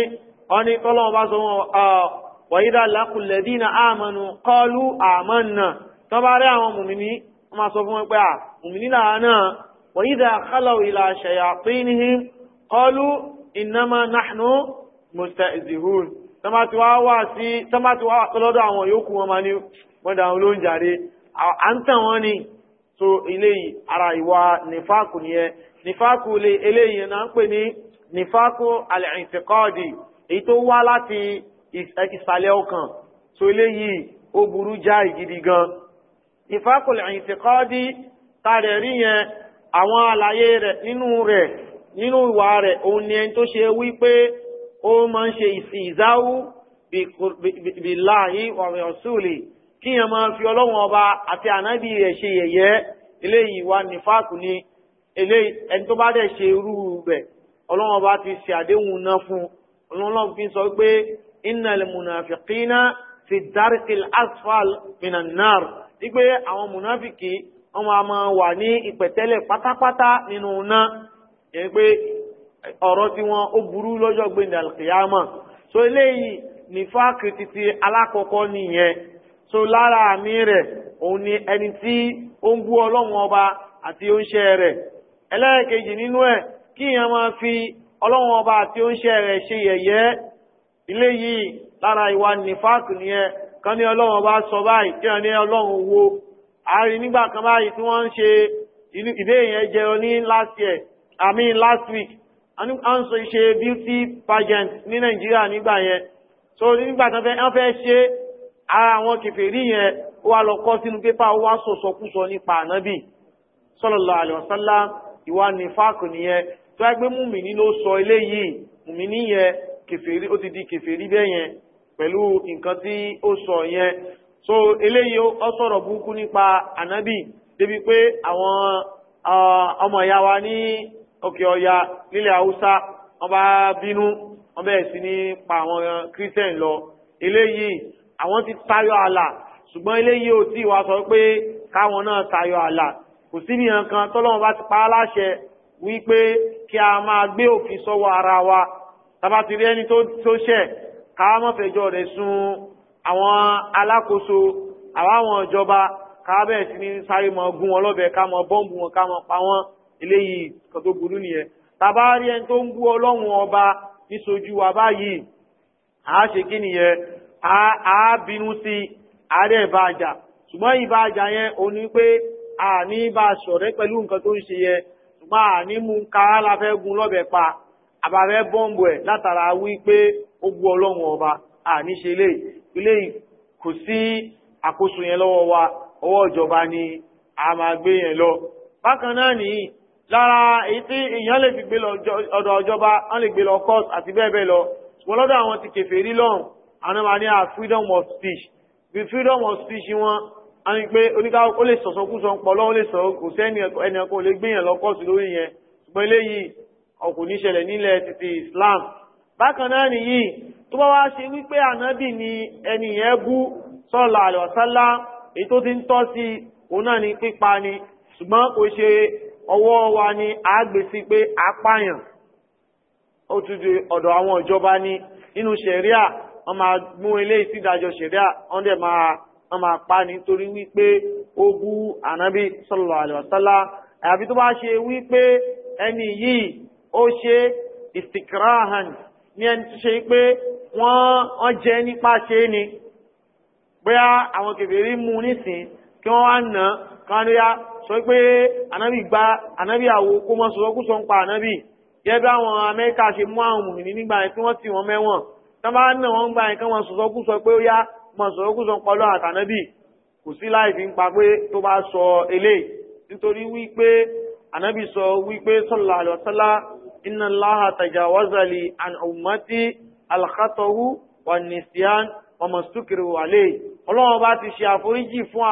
ọni kọ́lọ́ ọba sọ wọn ah, wa idha laqul ladina amanu qalu amanna tọ́ba rẹ àwọn mùmíní wọ́n máa sọ fún wọn pé à ah, mùmíní làánà wa idha khalaw ila shayatinihim qalu innama nífàkù le eléyìí náà ń pè ní nífàkù al-i'tiqadi èyí tó wá láti ìsàlẹ̀ ọkàn tó eléyìí ó burú jáì gidi gan nífàkù al-i'tiqadi tàrẹ̀ rí yẹn àwọn àlàyé rẹ̀ nínú rẹ̀ nínú ìwà rẹ̀ òun ni ẹni tó ṣe wípé ó máa ń ṣe ìsìzáwú bìláhì wa rasuli kí yẹn máa fi ọlọ́run ọba àti ànábì rẹ̀ ṣe yẹ̀yẹ́ eléyìí wá nífàkù ni eléyìí ẹni tó bá dẹ̀ ṣe irú rẹ̀ ọlọ́run ọba ti ṣe àdéhùn náà fún ọlọ́run fi sọ pé innal munafiqina fi darikil asfal minan nar wípé àwọn munafiki wọn máa máa wà ní ìpẹ̀tẹ́lẹ̀ pátápátá nínú náà yẹn pé ọ̀rọ̀ tí wọn ó burú lọ́jọ́ gbẹ̀ndẹ̀ alkiyama so eléyìí nífàkì títí alákọ̀ọ́kọ́ nìyẹn so lára àmì rẹ̀ òun ni ẹni tí ó ń bú ọlọ́run ọba àti ó rẹ̀ ẹlẹ́ẹ̀kejì nínú ẹ̀ kí èèyàn máa fi ọlọ́run ọba àti oúnṣẹ́ rẹ̀ ṣe yẹ̀yẹ́ ilé yìí lára ìwà nífàkù nìyẹn kan ní ọlọ́run ọba sọ báyìí kí wọ́n ní ọlọ́run wo àárín nígbà kan báyìí tí wọ́n ń ṣe ìbéèrè yẹn jẹyọ ní last year i mean last week a ń sọ ṣe beauty pageant ní nàìjíríà nígbà yẹn so nígbà tí wọ́n fẹ́ ṣe ara àwọn kèfèrí yẹn ó wá lọ kọ́ sínú pépà ó wá sọ̀sọ̀kúsọ nípa ànábì sallallahu alaihi wasallam ìwà nífàkù nìyẹn tó yẹ pé mùmíní ló sọ eléyìí mùmíní yẹn kèfèrí ó ti di kèfèrí bẹ́ẹ̀ yẹn pẹ̀lú nǹkan tí ó sọ yẹn so eléyìí ó sọ̀rọ̀ burúkú nípa ànábì débi pé àwọn ọmọ ìyá wa ní òkè ọya nílẹ̀ haúsá wọ́n bá bínú wọ́n bẹ̀rẹ̀ sí ní pa àwọn kírísítẹ̀n lọ eléyìí àwọn ti tayọ ààlà ṣùgbọ́n eléyìí ò tí wàá sọ pé káwọn náà tayọ ààlà kò sí ní nǹkan tọ́lọ́run bá ti pa á láṣẹ wípé kí a máa gbé òfin sọ́wọ́ ara wa tàbá ti rí ẹni tó ṣẹ̀ ká má fẹjọ́ rẹ̀ sun àwọn alákòóso àwọn ìjọba ká bẹ̀rẹ̀ sí ní sáré mọ gún wọn lọ́bẹ̀ ká mọ bọ́ǹbù wọn ká mọ pa wọn eléyìí kan tó burú nìyẹn tàbá rí ẹni tó ń bú ọlọ́run ọba níṣojú wa báyìí à ṣe kí nìyẹn à bínú sí àárẹ̀ ìbáàjà ṣùgbọ́n ìbáàjà yẹn òní pé àní bá ṣọ̀rẹ́ pẹ̀lú nǹkan tó ń ṣe yẹ ṣùgbọ́n àní mú ká la fẹ́ gun lọ́bẹ̀ pa àbáfẹ́ bọ́ǹbù ẹ̀ látara wípé ó gbu ọlọ́run ọba àní ṣe lè ilé kò sí àkóso yẹn lọ́wọ́ wa ọwọ́ ìjọba ni a máa gbé yẹn lọ. bákan náà nìyí lára èyí tí èèyàn lè fi gbé lọ ọ̀dọ̀ ìjọba wọ́n lè gbé lọ court àti bẹ́ẹ̀ bẹ́ẹ̀ lọ ṣùgbọ́n lọ́dọ̀ àwọn ti kèfèrí lọ́hùn àwọn máa ní a freedom of speech bí freedom of speech wọn a ní pé oníkà ó lè sọ̀sọ́ kú sọ ń pọ̀ lọ́wọ́ lè sọ kò sí ẹni ẹ̀kọ́ ò lè gbìyàn lọ kọ́ọ̀sì lórí yẹn ṣùgbọ́n eléyìí ọkùn ní ṣẹlẹ̀ nílẹ̀ títí Islam bákan náà nìyí tó bá wá ṣe wípé ànábì ni ẹni yẹn bú sọ́ọ̀lá ni pípa ni ṣùgbọ́n kò ṣe ọwọ́ wa ni a gbé sí pé apáyàn ó tún wọ́n máa pa nítorí wípé ó bú ànábì sallallahu alaihi wasallam àyàfi tó bá ṣe wípé ẹni yìí ó ṣe istikrahan ní ẹni tó ṣe pé wọ́n jẹ́ nípa ṣe ni bóyá àwọn kèfèrí mú nísìn kí wọ́n wá nà kan lóyá sọ pé ànábì gba ànábì àwo kó mọ́ sọ kó sọ ń pa ànábì gẹ́gẹ́ bí àwọn amẹ́ríkà ṣe mú àwọn mùmìnì nígbà yẹn tí wọ́n tì wọ́n mẹ́wọ̀n tán bá nà wọ́n gbà yẹn kán wọn sọ kó sọ pé ó yá mọ̀ sọ̀rọ̀ kú sọ pọ̀lọ́ àtànábì kò sí láì fi ń pa pé tó bá sọ eléyìí nítorí wípé ànábì sọ wípé sallallahu alaihi wasallam inna Allaha tajawaza li an ummati alkhatahu wa nisyan wa mastukiri wa alayhi ọlọ́run bá ti ṣe àforíjì fún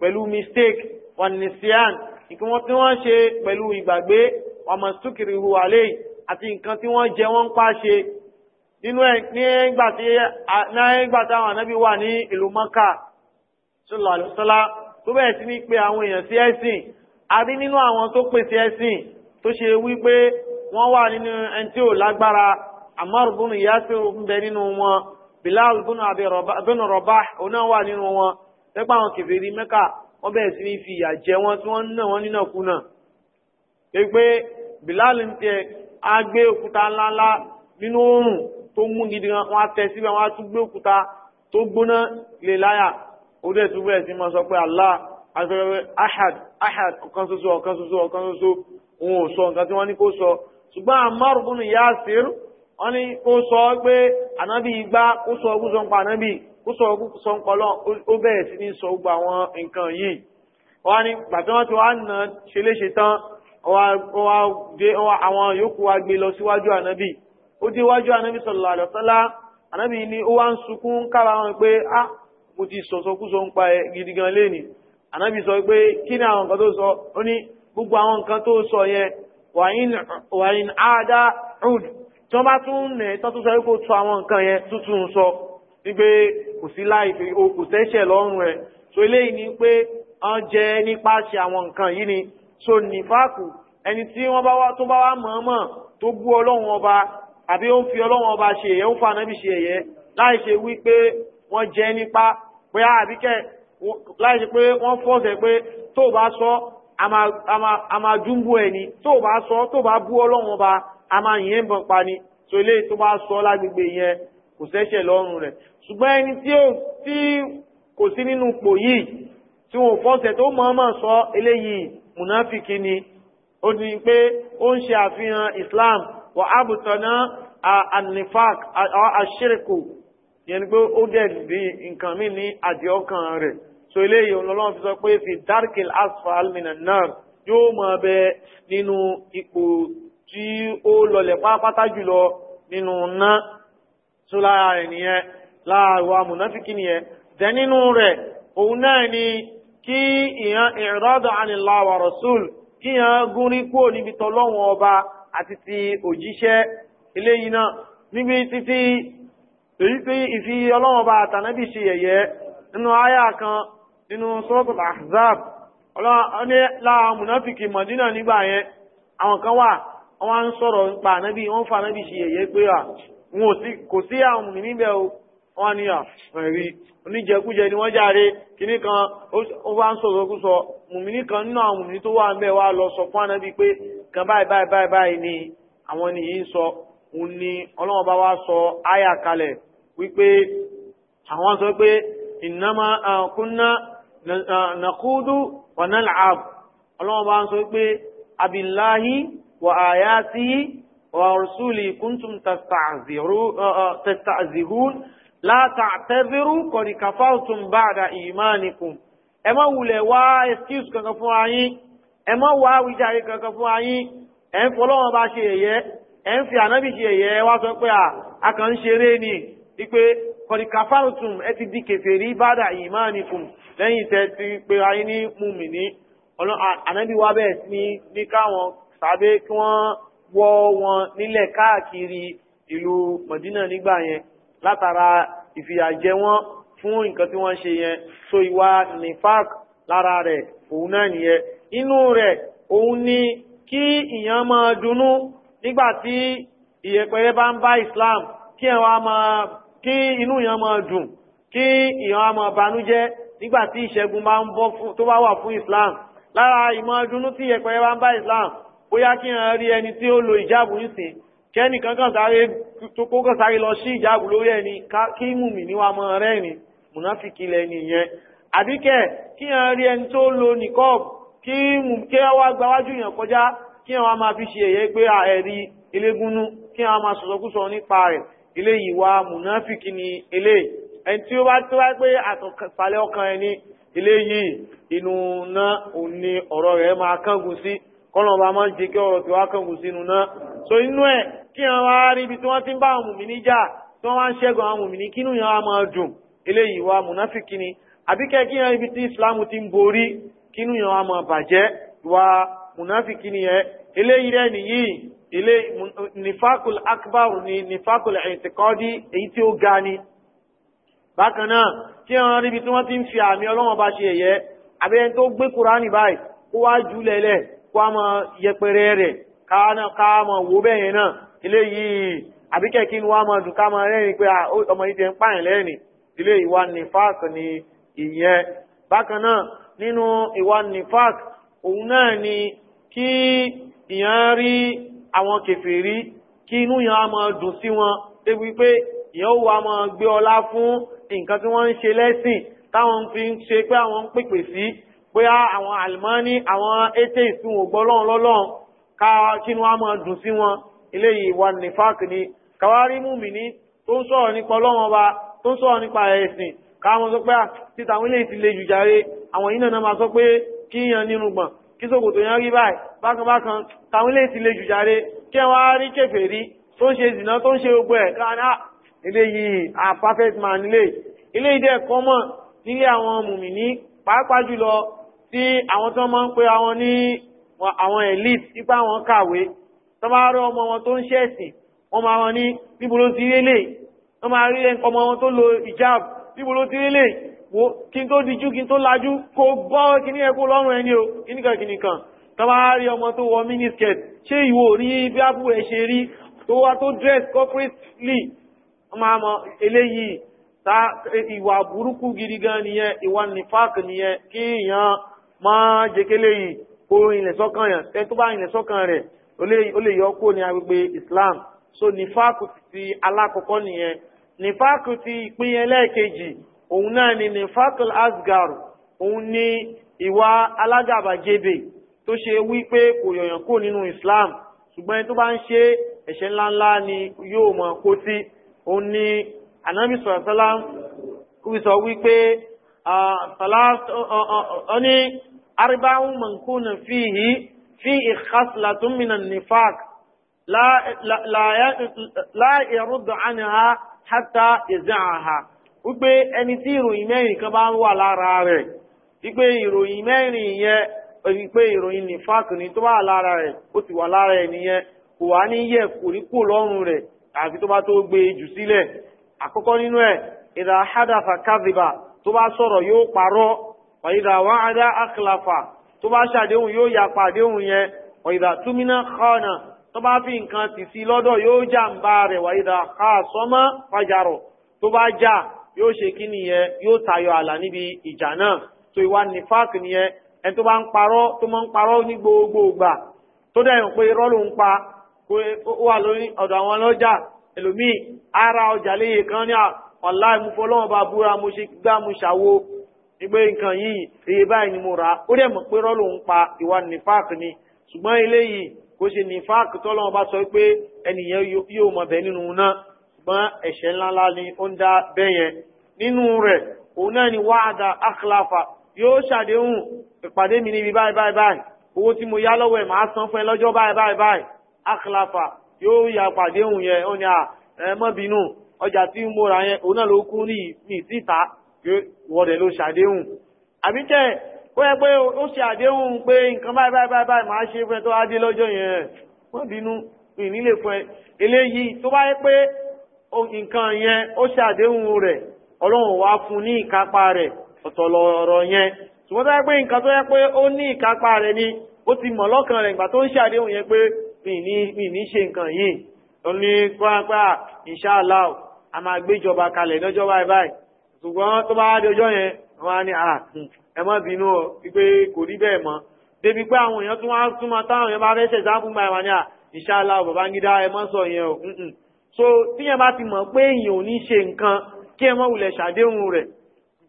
wọ́n mistake wa nisyan nǹkan tí wọ́n ṣe pẹ̀lú ìgbàgbé ọmọ sùkìrì hu àlẹ́ àti nǹkan tí wọ́n jẹ wọ́n ń pa ṣe nínú ẹ̀ nígbà tí nígbà táwọn ànábì wà ní ìlú mọ́kà sallallahu alaihi wasallam tó bẹ̀rẹ̀ sí ní pé àwọn èèyàn sí ẹ̀sìn àbí nínú àwọn tó pè sí ẹ̀sìn tó ṣe wípé wọ́n wà nínú ẹni tí ò lágbára Ammar ibn ń bẹ nínú wọn Bilal ibn Rabah òun náà wà nínú wọn nípa àwọn kèfèrí Mẹ́kà wọ́n bẹ̀rẹ̀ sí ní fi ìyà wọn tí wọ́n ń nà wọ́n nínàkúnà pé Bilal ń tiẹ̀ á gbé òkúta ńláńlá nínú oòrùn tó mú gidi gan wọn á tẹ síbẹ̀ wọn á tún gbé òkúta tó gbóná lè láyà ó dẹ̀ tún bẹ̀rẹ̀ sí máa sọ pé Allah àtọ́wẹ́ ahad ahad ọ̀kan ṣoṣo ọ̀kan ṣoṣo ọ̀kan ṣoṣo òun ò sọ nǹkan tí wọ́n ní kó sọ ṣùgbọ́n Ammar ibn Yasir wọ́n ní kó sọ pé ànábì igbá kó sọ ogún sọ nǹkan ànábì kó sọ ogún sọ nǹkan lọ ó bẹ̀rẹ̀ sí ní sọ gbogbo àwọn nǹkan yìí wọ́n ní gbàtí wọ́n ti wá nà ṣeléṣe tán àwọn yòókù wa gbé lọ síwájú ànábì ó dé wájú ànábì sallallahu alaihi wasallam ànábì ni ó wá ń sunkún kára wọn pé a ah, mo ti sọ̀sọ̀kúsọ ń pa ẹ gidi gan léni ànábì sọ pé kí ni àwọn nǹkan tó sọ ó ní gbogbo àwọn nǹkan tó sọ yẹn wàyín àádá rúd tí wọ́n bá tún nẹ̀ tó tún sọ pé kó tún àwọn nǹkan yẹn tuntun sọ wípé kò sí láì o kò sẹ́sẹ̀ lọ́rùn ẹ̀ so eléyìí ni pé wọ́n jẹ́ nípa ṣe àwọn nǹkan yìí ni so nífàkù ẹni tí wọ́n bá wá tó bá wá mọ̀ọ́mọ̀ tó bú ọlọ́run ọba àbí ó ń fi ọlọ́run ọba ṣe ẹ̀yẹ ó ń fa ànábì ṣe ẹ̀yẹ láì ṣe wí pé wọ́n jẹ nípa pé ah, àbíkẹ́ láì ṣe pé wọ́n fọ́ọ̀sẹ̀ pé tó bá sọ a máa dúnbú tó bá sọ tó bá bú ọlọ́run ọba a máa ń pa ni so eléyìí tó bá sọ lágbègbè yẹn kò sẹ́ṣẹ̀ lọ́rùn rẹ̀ ṣùgbọ́n ẹni tí kò sí nínú pò yìí tí wọn fọ́ọ̀sẹ̀ tó mọ̀ọ́mọ̀ sọ eléyìí munafiki ni ó ní pé ó ń ṣe àfihàn islam wà ábùtọ̀nà anifak aṣírìkù yẹn ni pé ó dẹ̀ di nǹkan mí ní àdìọ́kàn rẹ̀ so eléyìí ọlọ́run fi sọ pé fi darkil asfal minanar nar yóò máa bẹ nínú ipò tí ó lọlẹ̀ pátápátá jùlọ nínú ná tó lára rẹ̀ nìyẹn láàrùwà nìyẹn dẹ̀ nínú rẹ̀ òun náà ni kí ìyàn ìrọ́dọ̀ ànilá wa rasul kí ìyàn gúnrí kúrò níbi tọ́lọ́wọ́n ọba àti ti òjíṣẹ́ eléyìí náà níbi títí èyí pé ìfi ọlọ́wọ́n ọba àtànábì ṣe yẹ̀yẹ́ nínú àyà kan nínú suratul ahzab ọlọ́ni lára mùnáfìkì mọ̀dínà nígbà yẹn àwọn kan wà wọ́n ń sọ̀rọ̀ nípa ànábì wọ́n fa ànábì ṣe yẹ̀yẹ́ pé kò sí àwọn mùnmí bẹ́ẹ̀ wọ́n ní à rí oníjẹkújẹ ni wọ́n jáde kínní kan ó wá ń sọ̀rọ̀ kú sọ mùmíní kan nínú àwọn mùmíní tó wà ń bẹ̀ wá lọ sọ fún ànábì pé kan báyìí báyìí báyìí báyìí ni àwọn nìyí ń sọ òun ni ọlọ́wọ́n bá wá sọ áyà kalẹ̀ wípé àwọn sọ pé ìnáma kúnná nàkúdú wa nal'ab ọlọ́wọ́n bá ń sọ pé abillahi wa ayatihi wa rasuli kuntum tasta'zirun la ta'tadhiru qad kafartum ba'da imanikum ẹ má wulẹ̀ wá excuse kankan fún wa yín ẹ má wá wíjàre kankan fún wa yín ẹ̀ ń fọlọ́wọ́n bá ṣe ẹ̀yẹ ẹ̀ ń fi ànábì ṣe ẹ̀yẹ wá sọ pé a kàn ń ṣeré ni wípé qad kafartum ẹ ti di kèfèrí ba'da imanikum lẹ́yìn tẹ́ ti pé ayé ní mùmìnì ànábì wa bẹ́ẹ̀ ní ní káwọn sàbẹ́ kí wọ́n wọ́ wọn nílẹ̀ káàkiri ìlú Mádínà nígbà yẹn látara ìfìyàjẹ wọn fún nǹkan tí wọ́n ṣe yẹn so ìwà nifak lára rẹ̀ òun náà nìyẹn inú rẹ̀ òun ni kí ìyàn máa dunnú nígbà tí ìyẹpẹrẹ bá ń bá Islam kí ẹ̀ wá máa kí inú ìyàn máa dùn kí ìyàn á máa banújẹ́ nígbà tí ìṣẹ́gun bá ń bọ́ tó bá wà fún Islam lára ìmọ̀ dunnú tí ìyẹpẹrẹ bá ń bá Islam bóyá kí ẹ̀ rí ẹni tí ó lo ìjáàbù nísìn kẹ́ni kankan sáré tó kó kan sáré lọ sí ìjáàbù lórí ẹni kí mùmí níwá mọ́ rẹ́rìn mùnáfìkì lẹ́ni yẹn àbíkẹ́ kí yẹn rí ẹni tó lo nìkọ́ọ̀b kí kí wọ́n wá gbáwájú yẹn kọjá kí yẹn wá máa fi ṣe èyẹ pé ẹ̀rí elégúnú kí yẹn wá máa sọ̀sọ́kúsọ nípa rẹ̀ eléyìí wá mùnáfìkì ni eléyìí ẹni tí ó bá tó wá pé àtọ̀fàlẹ́ ọkàn ẹni eléyìí inú náà òní ọ̀rọ̀ rẹ̀ máa inú ẹ̀ kí wọn wá rí ibi tí wọ́n ti ń bá àwọn mùmí níjà tí wọ́n wá ń ṣẹ́gun àwọn mùmí kínú yẹn wá máa dùn eléyìí wá mùnáfíkì ni àbí kẹ́ kí wọn ibi tí islam ti ń borí kínú yẹn wá máa bàjẹ́ wá mùnáfíkì ni eléyìí rẹ̀ nìyí ilé nifakul akbar ni nifakul ẹ̀ǹtẹ̀kọ́dí èyí tí ó ga ni bákan náà kí wọn rí ibi tí wọ́n ti ń fi àmì ọlọ́wọ́n bá ṣe ẹ̀yẹ àbí ẹni tó gbé kúránì báyìí kó wá jù lẹ́lẹ̀ kó wá máa yẹpẹrẹ rẹ̀ ká máa wò bẹ́ẹ̀ yẹn náà ilé yìí àbíkẹ́ kí ni wọ́n á máa dùn ká máa rẹ́rìn pé ọmọ yìí ti ń pààyàn lẹ́rìn ilé ìwà nifak ni ìyẹn bákan náà nínú ìwà nifak òun náà ni kí ìyẹn rí àwọn kèfèrí kí inú yẹn á máa dùn sí wọn débi pé ìyẹn ó wà máa gbé ọlá fún nǹkan tí wọ́n ń ṣe lẹ́sìn táwọn fi ń ṣe pé àwọn ń pèpè sí pé àwọn àlùmọ́ọ́nì àwọn ètè ìsìn ògbọ́lọ́run ká kí inú á máa dùn sí wọn eléyìí wà ní fáàkì ni kàwárí mùmíní tó ń sọ̀rọ̀ nípa ọlọ́wọ́n ọba tó ń sọ̀rọ̀ nípa ẹ̀sìn káwọn sọ pé ah, títa àwọn eléyìí ti le jù jàre àwọn yìí náà máa sọ pé kí yan nínú gbọ̀n kí sòkòtò yan rí báyìí bákan bákan táwọn eléyìí ti le jù jàre kí wọn á rí kèfèrí tó ń ṣe zìnà tó ń ṣe gbogbo ẹ̀ káwọn ah, eléyìí a perfect man nílé eléyìí dẹ̀ kọ́mọ̀ nílé àwọn mùmíní pàápàá jùlọ tí àwọn tó máa ń pe àwọn ní àwọn elite ipá àwọn kàwé tó máa rọ ọmọ wọn tó ń ṣẹ̀sìn wọ́n máa wọn ní níbo ló ti rí lè wọ́n máa rí ẹnkọ́ ọmọ wọn tó lo ìjáàb níbo ló ti rí lè wo kí n tó dijú kí n tó lajú kò bọ́ kíní ẹ lọ́rùn ẹni o kíníkan kíníkan ọmọ tó wọ miniskirt ṣé ìwò rí bí ápù ẹ ṣe rí tó wá tó dress corporately wọ́n máa mọ eléyìí ta ìwà burúkú gidi gan nìyẹn ìwà nífàkì nìyẹn kí èèyàn máa jẹ́kẹ́lẹ́ yìí kó ìrìnlẹ̀ sọ́kàn rẹ̀ tó bá ìrìnlẹ̀ sọ́kàn ó lè yọ kó ní agbègbè islam so nífàkù ti alákọ̀ọ́kọ́ nìyẹn nífàkù ti ìpín ẹlẹ́ẹ̀kejì òun náà ni nífàkù asgar òun ni ìwà alágàbàgebè tó ṣe wípé kò yọ̀yàn kó nínú islam ṣùgbọ́n ẹni tó bá ń ṣe ẹ̀ṣẹ̀ ńláńlá ni yóò mọ̀ kó sí òun ni anabi sọ̀rọ̀ sọ́lá ń sọ wípé ọ̀ní ah, arba'un man kuna fihi. فيه خصلة من النفاق لا لا لا يرد عنها حتى يزعها wípé ẹni tí ìròyìn mẹ́rin kan bá ń wà lára rẹ̀ wípé ìròyìn mẹ́rin yẹn wípé ìròyìn nìfàk ni tó wà lára rẹ̀ ó ti wà lára ẹ̀ nìyẹn kò wá ní yẹ kò lọ́rùn rẹ̀ àfi tó bá tó gbé e jù sílẹ̀ àkọ́kọ́ nínú ẹ̀ ìdá hadafa kaziba tó bá sọ̀rọ̀ yóò parọ́ ìdá wàhádá akhlafa tó bá ṣàdéhùn yóò yapa àdéhùn yẹn ọ̀yìnbá túmínà kọ́nà tó bá fi nǹkan tì sí lọ́dọ̀ yóò jà ń bá rẹ̀ wàyídà ká sọ́mọ́ fajarọ̀ tó bá jà yóò ṣe kí nìyẹn yóò tayọ àlà níbi ìjà náà tó ìwà nifak nìyẹn ẹni tó bá ń parọ́ tó máa ń parọ́ ní gbogbo ìgbà tó dẹ̀yìn pé irọ́ ń pa ó wà lórí ọ̀dọ̀ àwọn ọlọ́jà ẹlòmíì ara ọjà léyè kan ní àwàlá ìmúfọlọ́wọ́n bá búra mo ṣe gbá mo ṣàwo ìgbé nǹkan yìí iye báyìí ni mo rà á ó dẹ̀ mọ̀ pé rọ́ọ̀lù ń pa ìwà nìfàk ni ṣùgbọ́n eléyìí kò ṣe nìfàk tọ́lọ́wọ́n bá sọ pé ẹnìyẹn yóò mọ̀ bẹ́ẹ̀ nínú náà ṣùgbọ́n ẹ̀ṣẹ̀ ńláńlá ni ó ń dá bẹ́ẹ̀ yẹn nínú rẹ̀ òun náà ni wáàdà akhlafa yóò ṣàdéhùn ìpàdé mi níbi báyìí báyìí báyìí owó tí mo yá lọ́wọ́ ẹ̀ máa san fún ẹ lọ́jọ́ báyìí báyìí báyìí akhlafa yóò ya pàdéhùn wọ́dẹ̀ ló ṣàdéhùn àbíkẹ́ ó yẹ pé ó ṣe àdéhùn pé nǹkan báyìí báyìí báyìí máa ṣe fún ẹ tó wá dé lọ́jọ́ yẹn wọ́n bínú ìnílé fún ẹ eléyìí tó bá yẹ pé nǹkan yẹn ó ṣe àdéhùn rẹ̀ ọlọ́run wá fún ní ìkápá rẹ̀ ọ̀tọ̀ lọ̀rọ̀ yẹn ṣùgbọ́n tó yẹ pé nǹkan tó yẹ pé ó ní ìkápá rẹ̀ ni ó ti mọ̀ lọ́kàn rẹ̀ ìgbà tó ń ṣe àdéhùn yẹn pé mi ní ṣe nǹkan yìí ó ní pápá insha Allah a máa gbéjọba kalẹ̀ lọ́jọ́ báyìí báyìí ṣùgbọ́n tó bá dé ọjọ́ yẹn wọ́n á ní à ẹ má bínú ọ wípé kò rí bẹ́ẹ̀ mọ́ débi pé àwọn èèyàn tún wá súnmọ́ táwọn èèyàn bá fẹ́ ṣe example gba ìwà ní à inshallah bàbá ń gídá ẹ má sọ yẹn o so tíyẹn bá ti mọ̀ pé èèyàn ò ní ṣe nǹkan kí ẹ má wulẹ̀ ṣàdéhùn rẹ̀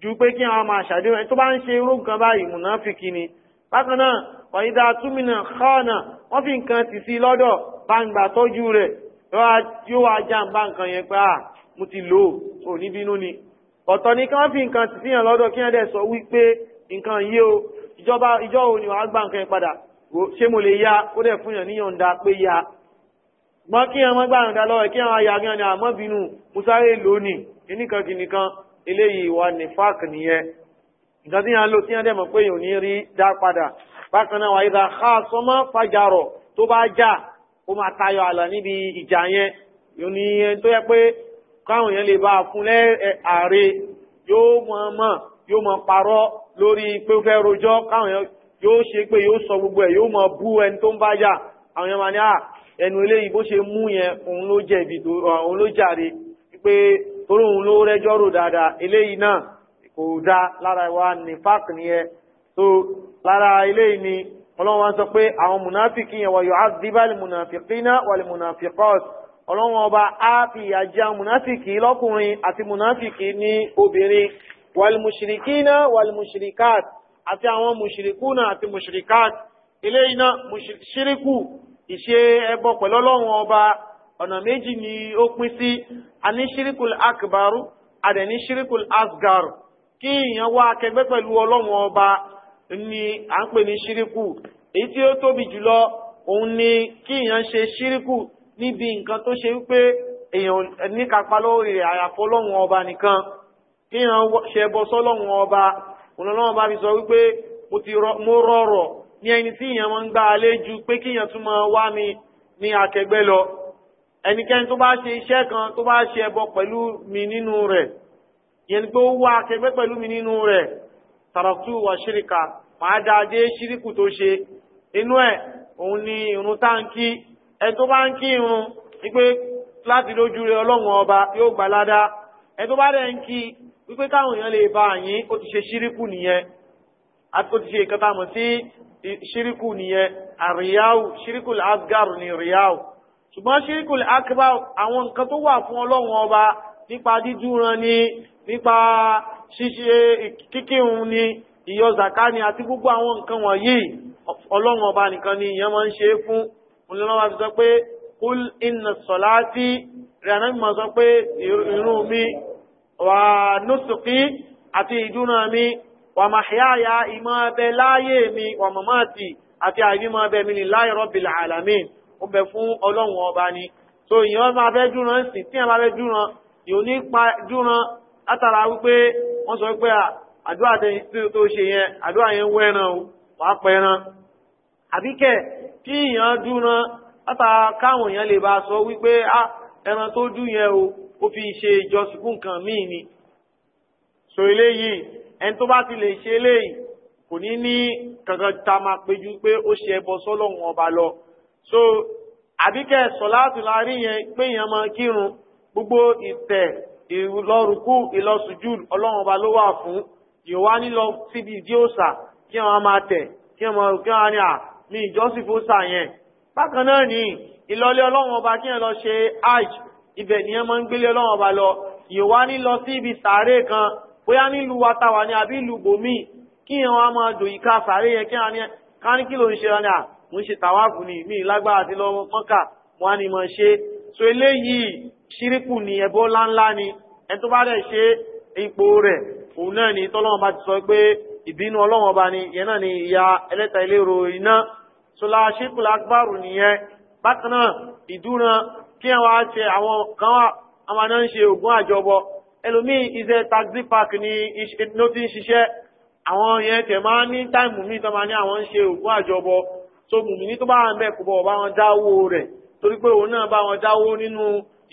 ju pé kí àwọn máa ṣàdéhùn ẹ tó bá ń ṣe irú nǹkan báyìí mùnáfíkì ni bákan náà ọ̀yídà túmínà kọ́ọ̀nà wọ́n fi nǹkan ti sí lọ́dọ̀ bá ń gbà tọ́jú rẹ̀ yóò wá jàǹbá nǹkan yẹn pé à mo ti lò ó ò ní bínú ni ọ̀tọ̀ ni kí wọ́n fi nǹkan ti síyàn lọ́dọ̀ kí wọ́n dẹ̀ sọ wípé nǹkan yìí o ìjọba ìjọ òun ni wàá gbà nǹkan yẹn padà ṣé mo lè ya ó dẹ̀ fún yàn níyànda pé ya mọ kí wọ́n gbà yànda lọ́wọ́ kí wọ́n ya gan ni àmọ́ bínú musare lónìí kìnìkan kìnìkan eléyìí wà ní fák nìyẹn nǹkan tí yàn lò tí wọ́n dẹ̀ mọ̀ pé yòó ní rí dá padà bákan náà wàá ìdá sọmọ fajarọ tó bá já ó máa tayọ àlà níbi ìjà yẹn yòó ní tó yẹ pé káwọn èèyàn lè bá a fún lẹ́ ààrẹ yóò mọ̀ mọ̀ yóò mọ̀ parọ́ lórí pé ó fẹ́ rojọ́ káwọn èèyàn yóò ṣe pé yóò sọ gbogbo ẹ̀ yóò mọ̀ bú ẹni tó ń bá jà àwọn èèyàn máa ní à ẹnu eléyìí bó ṣe mú yẹn òun ló jẹ̀bi òun ló jàre pé torí òun ló rẹ́jọ́ rò dáadáa eléyìí náà kò dá lára wa ní fáàkì nìyẹn so lára eléyìí ni ọlọ́run sọ pé àwọn mùnàfíkì yẹn wà yóò á dìbà lè mùnàfíkì náà wà lè mùnàfíkọ́ọ̀sì ọlọ́run ọba á fi ìyà jẹ àwọn mùnáfìkì lọ́kùnrin àti mùnáfìkì ní obìnrin wàlmùsìrìkínà wàlmùsìrìkáàt àti àwọn mùsìrìkúnà àti mùsìrìkáàt ilé iná mùsìrìkù ìṣe ẹbọ pẹ̀lú ọlọ́run ọba ọ̀nà méjì ni ó pín sí àní ṣírìkùl akbaru àdẹ̀ní ṣírìkùl asgaru kí èèyàn wá akẹgbẹ́ pẹ̀lú ọlọ́run ọba ni à ń pè ní ṣírìkù èyí tí ó tóbi jùlọ òun ni kí èèyàn ṣe ṣírìkù níbi nǹkan tó ṣe wípé èèyàn níkapá lórí rẹ̀ àyàfọ́ lọ́wọ́n ọba nìkan kí èèyàn ṣe ẹbọ sọ́lọ́wọ́n ọba ònàlọ́wọ́n ọba fi sọ wípé mo rọrọ̀ ní ẹni tí èèyàn máa ń gbá alé ju pé kí èèyàn tún máa wá mi ní akẹgbẹ́ lọ ẹnikẹ́ni tó bá ṣe iṣẹ́ kan tó bá ṣe ẹbọ pẹ̀lú mi nínú rẹ̀ yẹn ni pé ó wá akẹgbẹ́ pẹ̀lú mi nínú rẹ̀ tàràtú wà ṣíríkà màá dáadé ṣíríkù tó ṣe inú ẹ̀ òun ni irun táǹkì ẹni tó bá ń kí irun wípé láti lójú rẹ ọlọ́run ọba yóò gbà ládá ẹni tó bá dẹ̀ ń kí wípé káwọn èèyàn lè bá àyín ó ti ṣe ṣíríkù nìyẹn àti ó ti ṣe ìkẹta mọ̀ sí ṣíríkù nìyẹn àríyáwó ṣíríkù asgar ni ríyáwó ṣùgbọ́n ṣíríkù akbar àwọn nǹkan tó wà fún ọlọ́run ọba nípa dídúran ni nípa ṣíṣe kíkírun ni ìyọ zaka ni àti gbogbo àwọn nǹkan wọ̀nyí ọlọ́run ọba nìkan ni ìyẹn máa ń ṣe é fún ńlọ́nà wa fi sọ pé kúl iná sọ̀láàtì rẹ̀ anábì máa sọ pé irun mi wà nùsùkí àti ìdúnà mi wà màhíyáyà ìmọ̀ abẹ láàyè mi wà màmáàtì àti àìbímọ abẹ mi ni so ìyẹn máa fẹ́ dúran sí tí ẹ̀ máa fẹ́ dúran yóò ní pa dúran látara wípé wọ́n sọ pé àdúrà tó ṣe yẹn kí èèyàn dúran látà káwọn èèyàn lè bá sọ wípé a ah, ẹran tó dùn yẹn o ó fi ṣe ìjọsìn nǹkan míì ni sọ eléyìí ẹni tó bá ti lè ṣe eléyìí kò ní ní kankan tá máa péjú pé ó ṣe ẹbọ sọ́lọ́run ọba lọ so àbíkẹ́ sọ̀láàtù láàrin yẹn pé èèyàn máa kírun gbogbo ìtẹ̀ ìlọrùkú ìlọsùjú ọlọ́run ọba ló wà fún yòówá nílọ síbi ìdí òòṣà kí wọ́n máa tẹ̀ kí wọ́n máa ní à ah, ní ìjọsìn fòsà yẹn bákan náà ni ìlọlé ọlọ́run ọba kí ẹ lọ ṣe hajj ibẹ̀ ni ẹ máa ń gbélé ọlọ́run ọba lọ ìwá ní lọ sí ibi sàárè kan bóyá nílùú wa ta wà ní àbí ìlú bòmíì kí ẹ wọn máa dò ìka sàárè yẹn kí ẹ ká ní kí ló ń ṣe ọ ní à mo ń ṣe tàwáàfù ni mi lágbára àti lọ mọ́kà wọn á ní mọ̀ ṣe so eléyìí ṣíríkù ni ẹbọ ńláńlá ni ẹ tó bá dẹ̀ ṣe ipò rẹ̀ òun náà ni tọ́lọ́run ti sọ pé ìbínú ọlọ́wọ́n ọba ni ìyẹn náà ni ìyà ẹlẹ́ta ìlérò iná sọlá ṣíkùlá agbárù nìyẹn bákan náà ìdúran kí wọn á ṣe àwọn kan wà ń ṣe ògùn àjọbọ ẹlòmíì iṣẹ́ taxi park ni ló ti ń ṣiṣẹ́ àwọn yẹn tẹ̀ máa ní táìmù míì tó máa ní àwọn ń ṣe ògùn àjọbọ so mùmíní tó bá wà ń bẹ̀ kó bọ̀ bá wọn dáwó rẹ̀ torí pé òun náà bá wọn dáwó nínú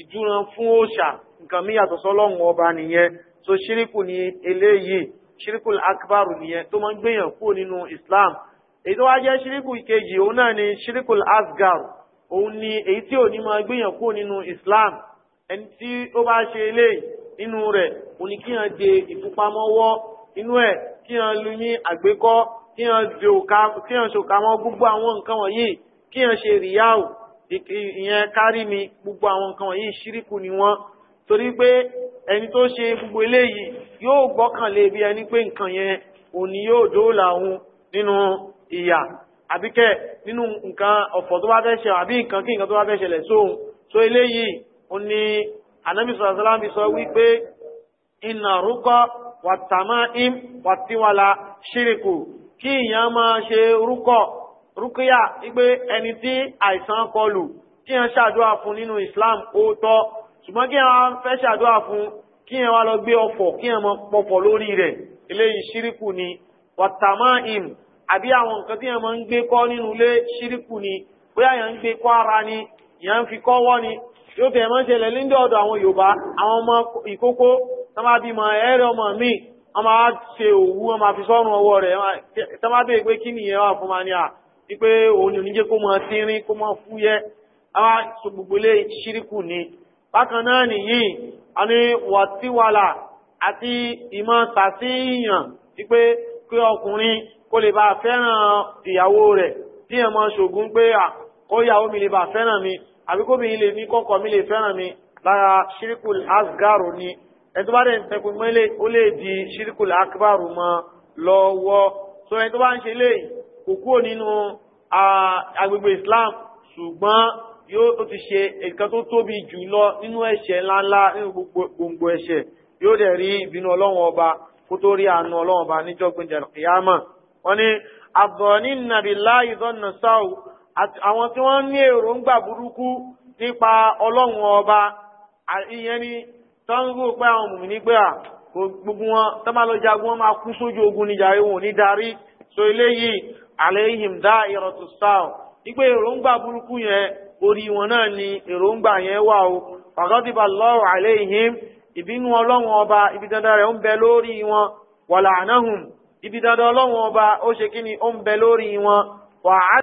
ìdúran fún òòṣà nǹkan míyàtọ̀ sọ́lọ́run ọba nìyẹn so ṣíríkù ni eléyìí ṣírìkùl akbaru nìyẹn tó máa ń gbéyàn kúrò nínú islam èyí tó wá jẹ́ ṣírìkù kejì òun náà ni ṣírìkùl asgaru òun ni èyí tí ò ní máa gbéyàn kúrò nínú islam ẹni tí ó bá ṣe eléyìí nínú rẹ̀ òun ni kíyàn de ìfúnpamọ́wọ́ inú ẹ̀ kíyàn lu ní àgbékọ́ kíyàn ṣòkàmọ́ gbogbo àwọn nǹkan wọ̀nyí kíyàn ṣe rìyáwó ìyẹn kárí mi gbogbo àwọn nǹkan wọ̀nyí ṣírìkù ni wọ́n torí pé ẹni tó ṣe gbogbo eléyìí yóò gbọ́kànlé bí ẹni pé nǹkan yẹn òun ni yóò dóòlà òun nínú ìyà àbíkẹ́ nínú nǹkan ọ̀fọ̀ tó bá fẹ́ ṣe àbí nǹkan kí nǹkan tó bá fẹ́ ṣẹlẹ̀ sóhun so eléyìí òun ni anabi sọ̀rọ̀ sọ́lá mi sọ wípé iná rúkọ wàtàmá im wàtíwàlà ṣírìkù kí ìyàn máa ṣe rúkọ rúkíyà wípé ẹni tí àìsàn kọlù kí yàn ṣàdúrà fún nínú Islam ó tọ́ ṣùgbọ́n kí ẹran fẹ́ ṣàdúrà fún kí ẹ wá lọ gbé ọfọ̀ kí ẹ mọ lórí rẹ̀ eléyìí ṣíríkù ni wàtàmọ́ im àbí àwọn nǹkan tí ẹ ń gbé kọ́ nínú ilé ṣíríkù ni bóyá yẹn ń gbé kọ́ ara ni yẹn ń fi kọ́ wọ́ ni yóò fẹ́ mọ́ ṣẹlẹ̀ nídìí ọ̀dọ̀ àwọn Yorùbá àwọn ọmọ ìkókó tọ́má bí mọ ẹ̀rẹ́ ọmọ mi wọ́n máa ṣe òwú wọ́n máa fi sọ́run ọwọ́ rẹ̀ tọ́má pé kí nìyẹn wà fún mania wípé òun ò ní jẹ́ kó mọ tínrín kó mọ fúyẹ́ àwọn gbogbo ilé ṣíríkù ni bákan náà nìyí a ní wọ̀tíwàlà àti ìmọ̀ tàṣíyàn ti pé kí ọkùnrin kó lè bá fẹ́ràn ìyàwó rẹ̀ tí ẹ̀mọ́ ṣògùn pé ó yàwó mi lè bá fẹ́ràn mi àbí kó mi lè ní kọ́kọ́ mi lè fẹ́ràn mi lára ṣírìkùl asgaru ni ẹni bá dẹ̀ ń ó lè di ṣírìkùl akbaru mọ́ lọ́wọ́ so ẹni tó bá ń ṣe léyìí kò kúrò nínú agbègbè Islam ṣùgbọ́n yóò ó ti ṣe nǹkan tó tóbi jù lọ nínú ẹ̀ṣẹ̀ ńláńlá nínú gbogbo ẹ̀ṣẹ̀ yóò dẹ̀ rí ìbínú ọlọ́run ọba kó tó rí àánú ọlọ́run ọba níjọ́ gbẹ̀dẹ̀ kìyàmà wọ́n ní àbọ̀ní nàbìlá ìdọ́nà sáù àwọn tí wọ́n ní èròǹgbà burúkú nípa ọlọ́run ọba ìyẹn ni tọ́ńgù pé àwọn mùmíní pé à gbogbo wọn tọ́ba lọ jagun wọn máa kú sójú ogun níjà ìwọ̀n ní darí so eléyìí àlẹ́ ìhìndá ìrọ̀tù sáù èròǹgbà burúkú yẹn orí wọn náà ni èròǹgbà yẹn wà o fàgọ́dìbà lọ́rọ̀ àléhìn ìbínú ọlọ́run ọba ibi dandan rẹ̀ ń bẹ lórí wọn wàlà ànáhùn ibi dandan ọlọ́run ọba ó ṣe kí ni ó ń bẹ lórí wọn wàá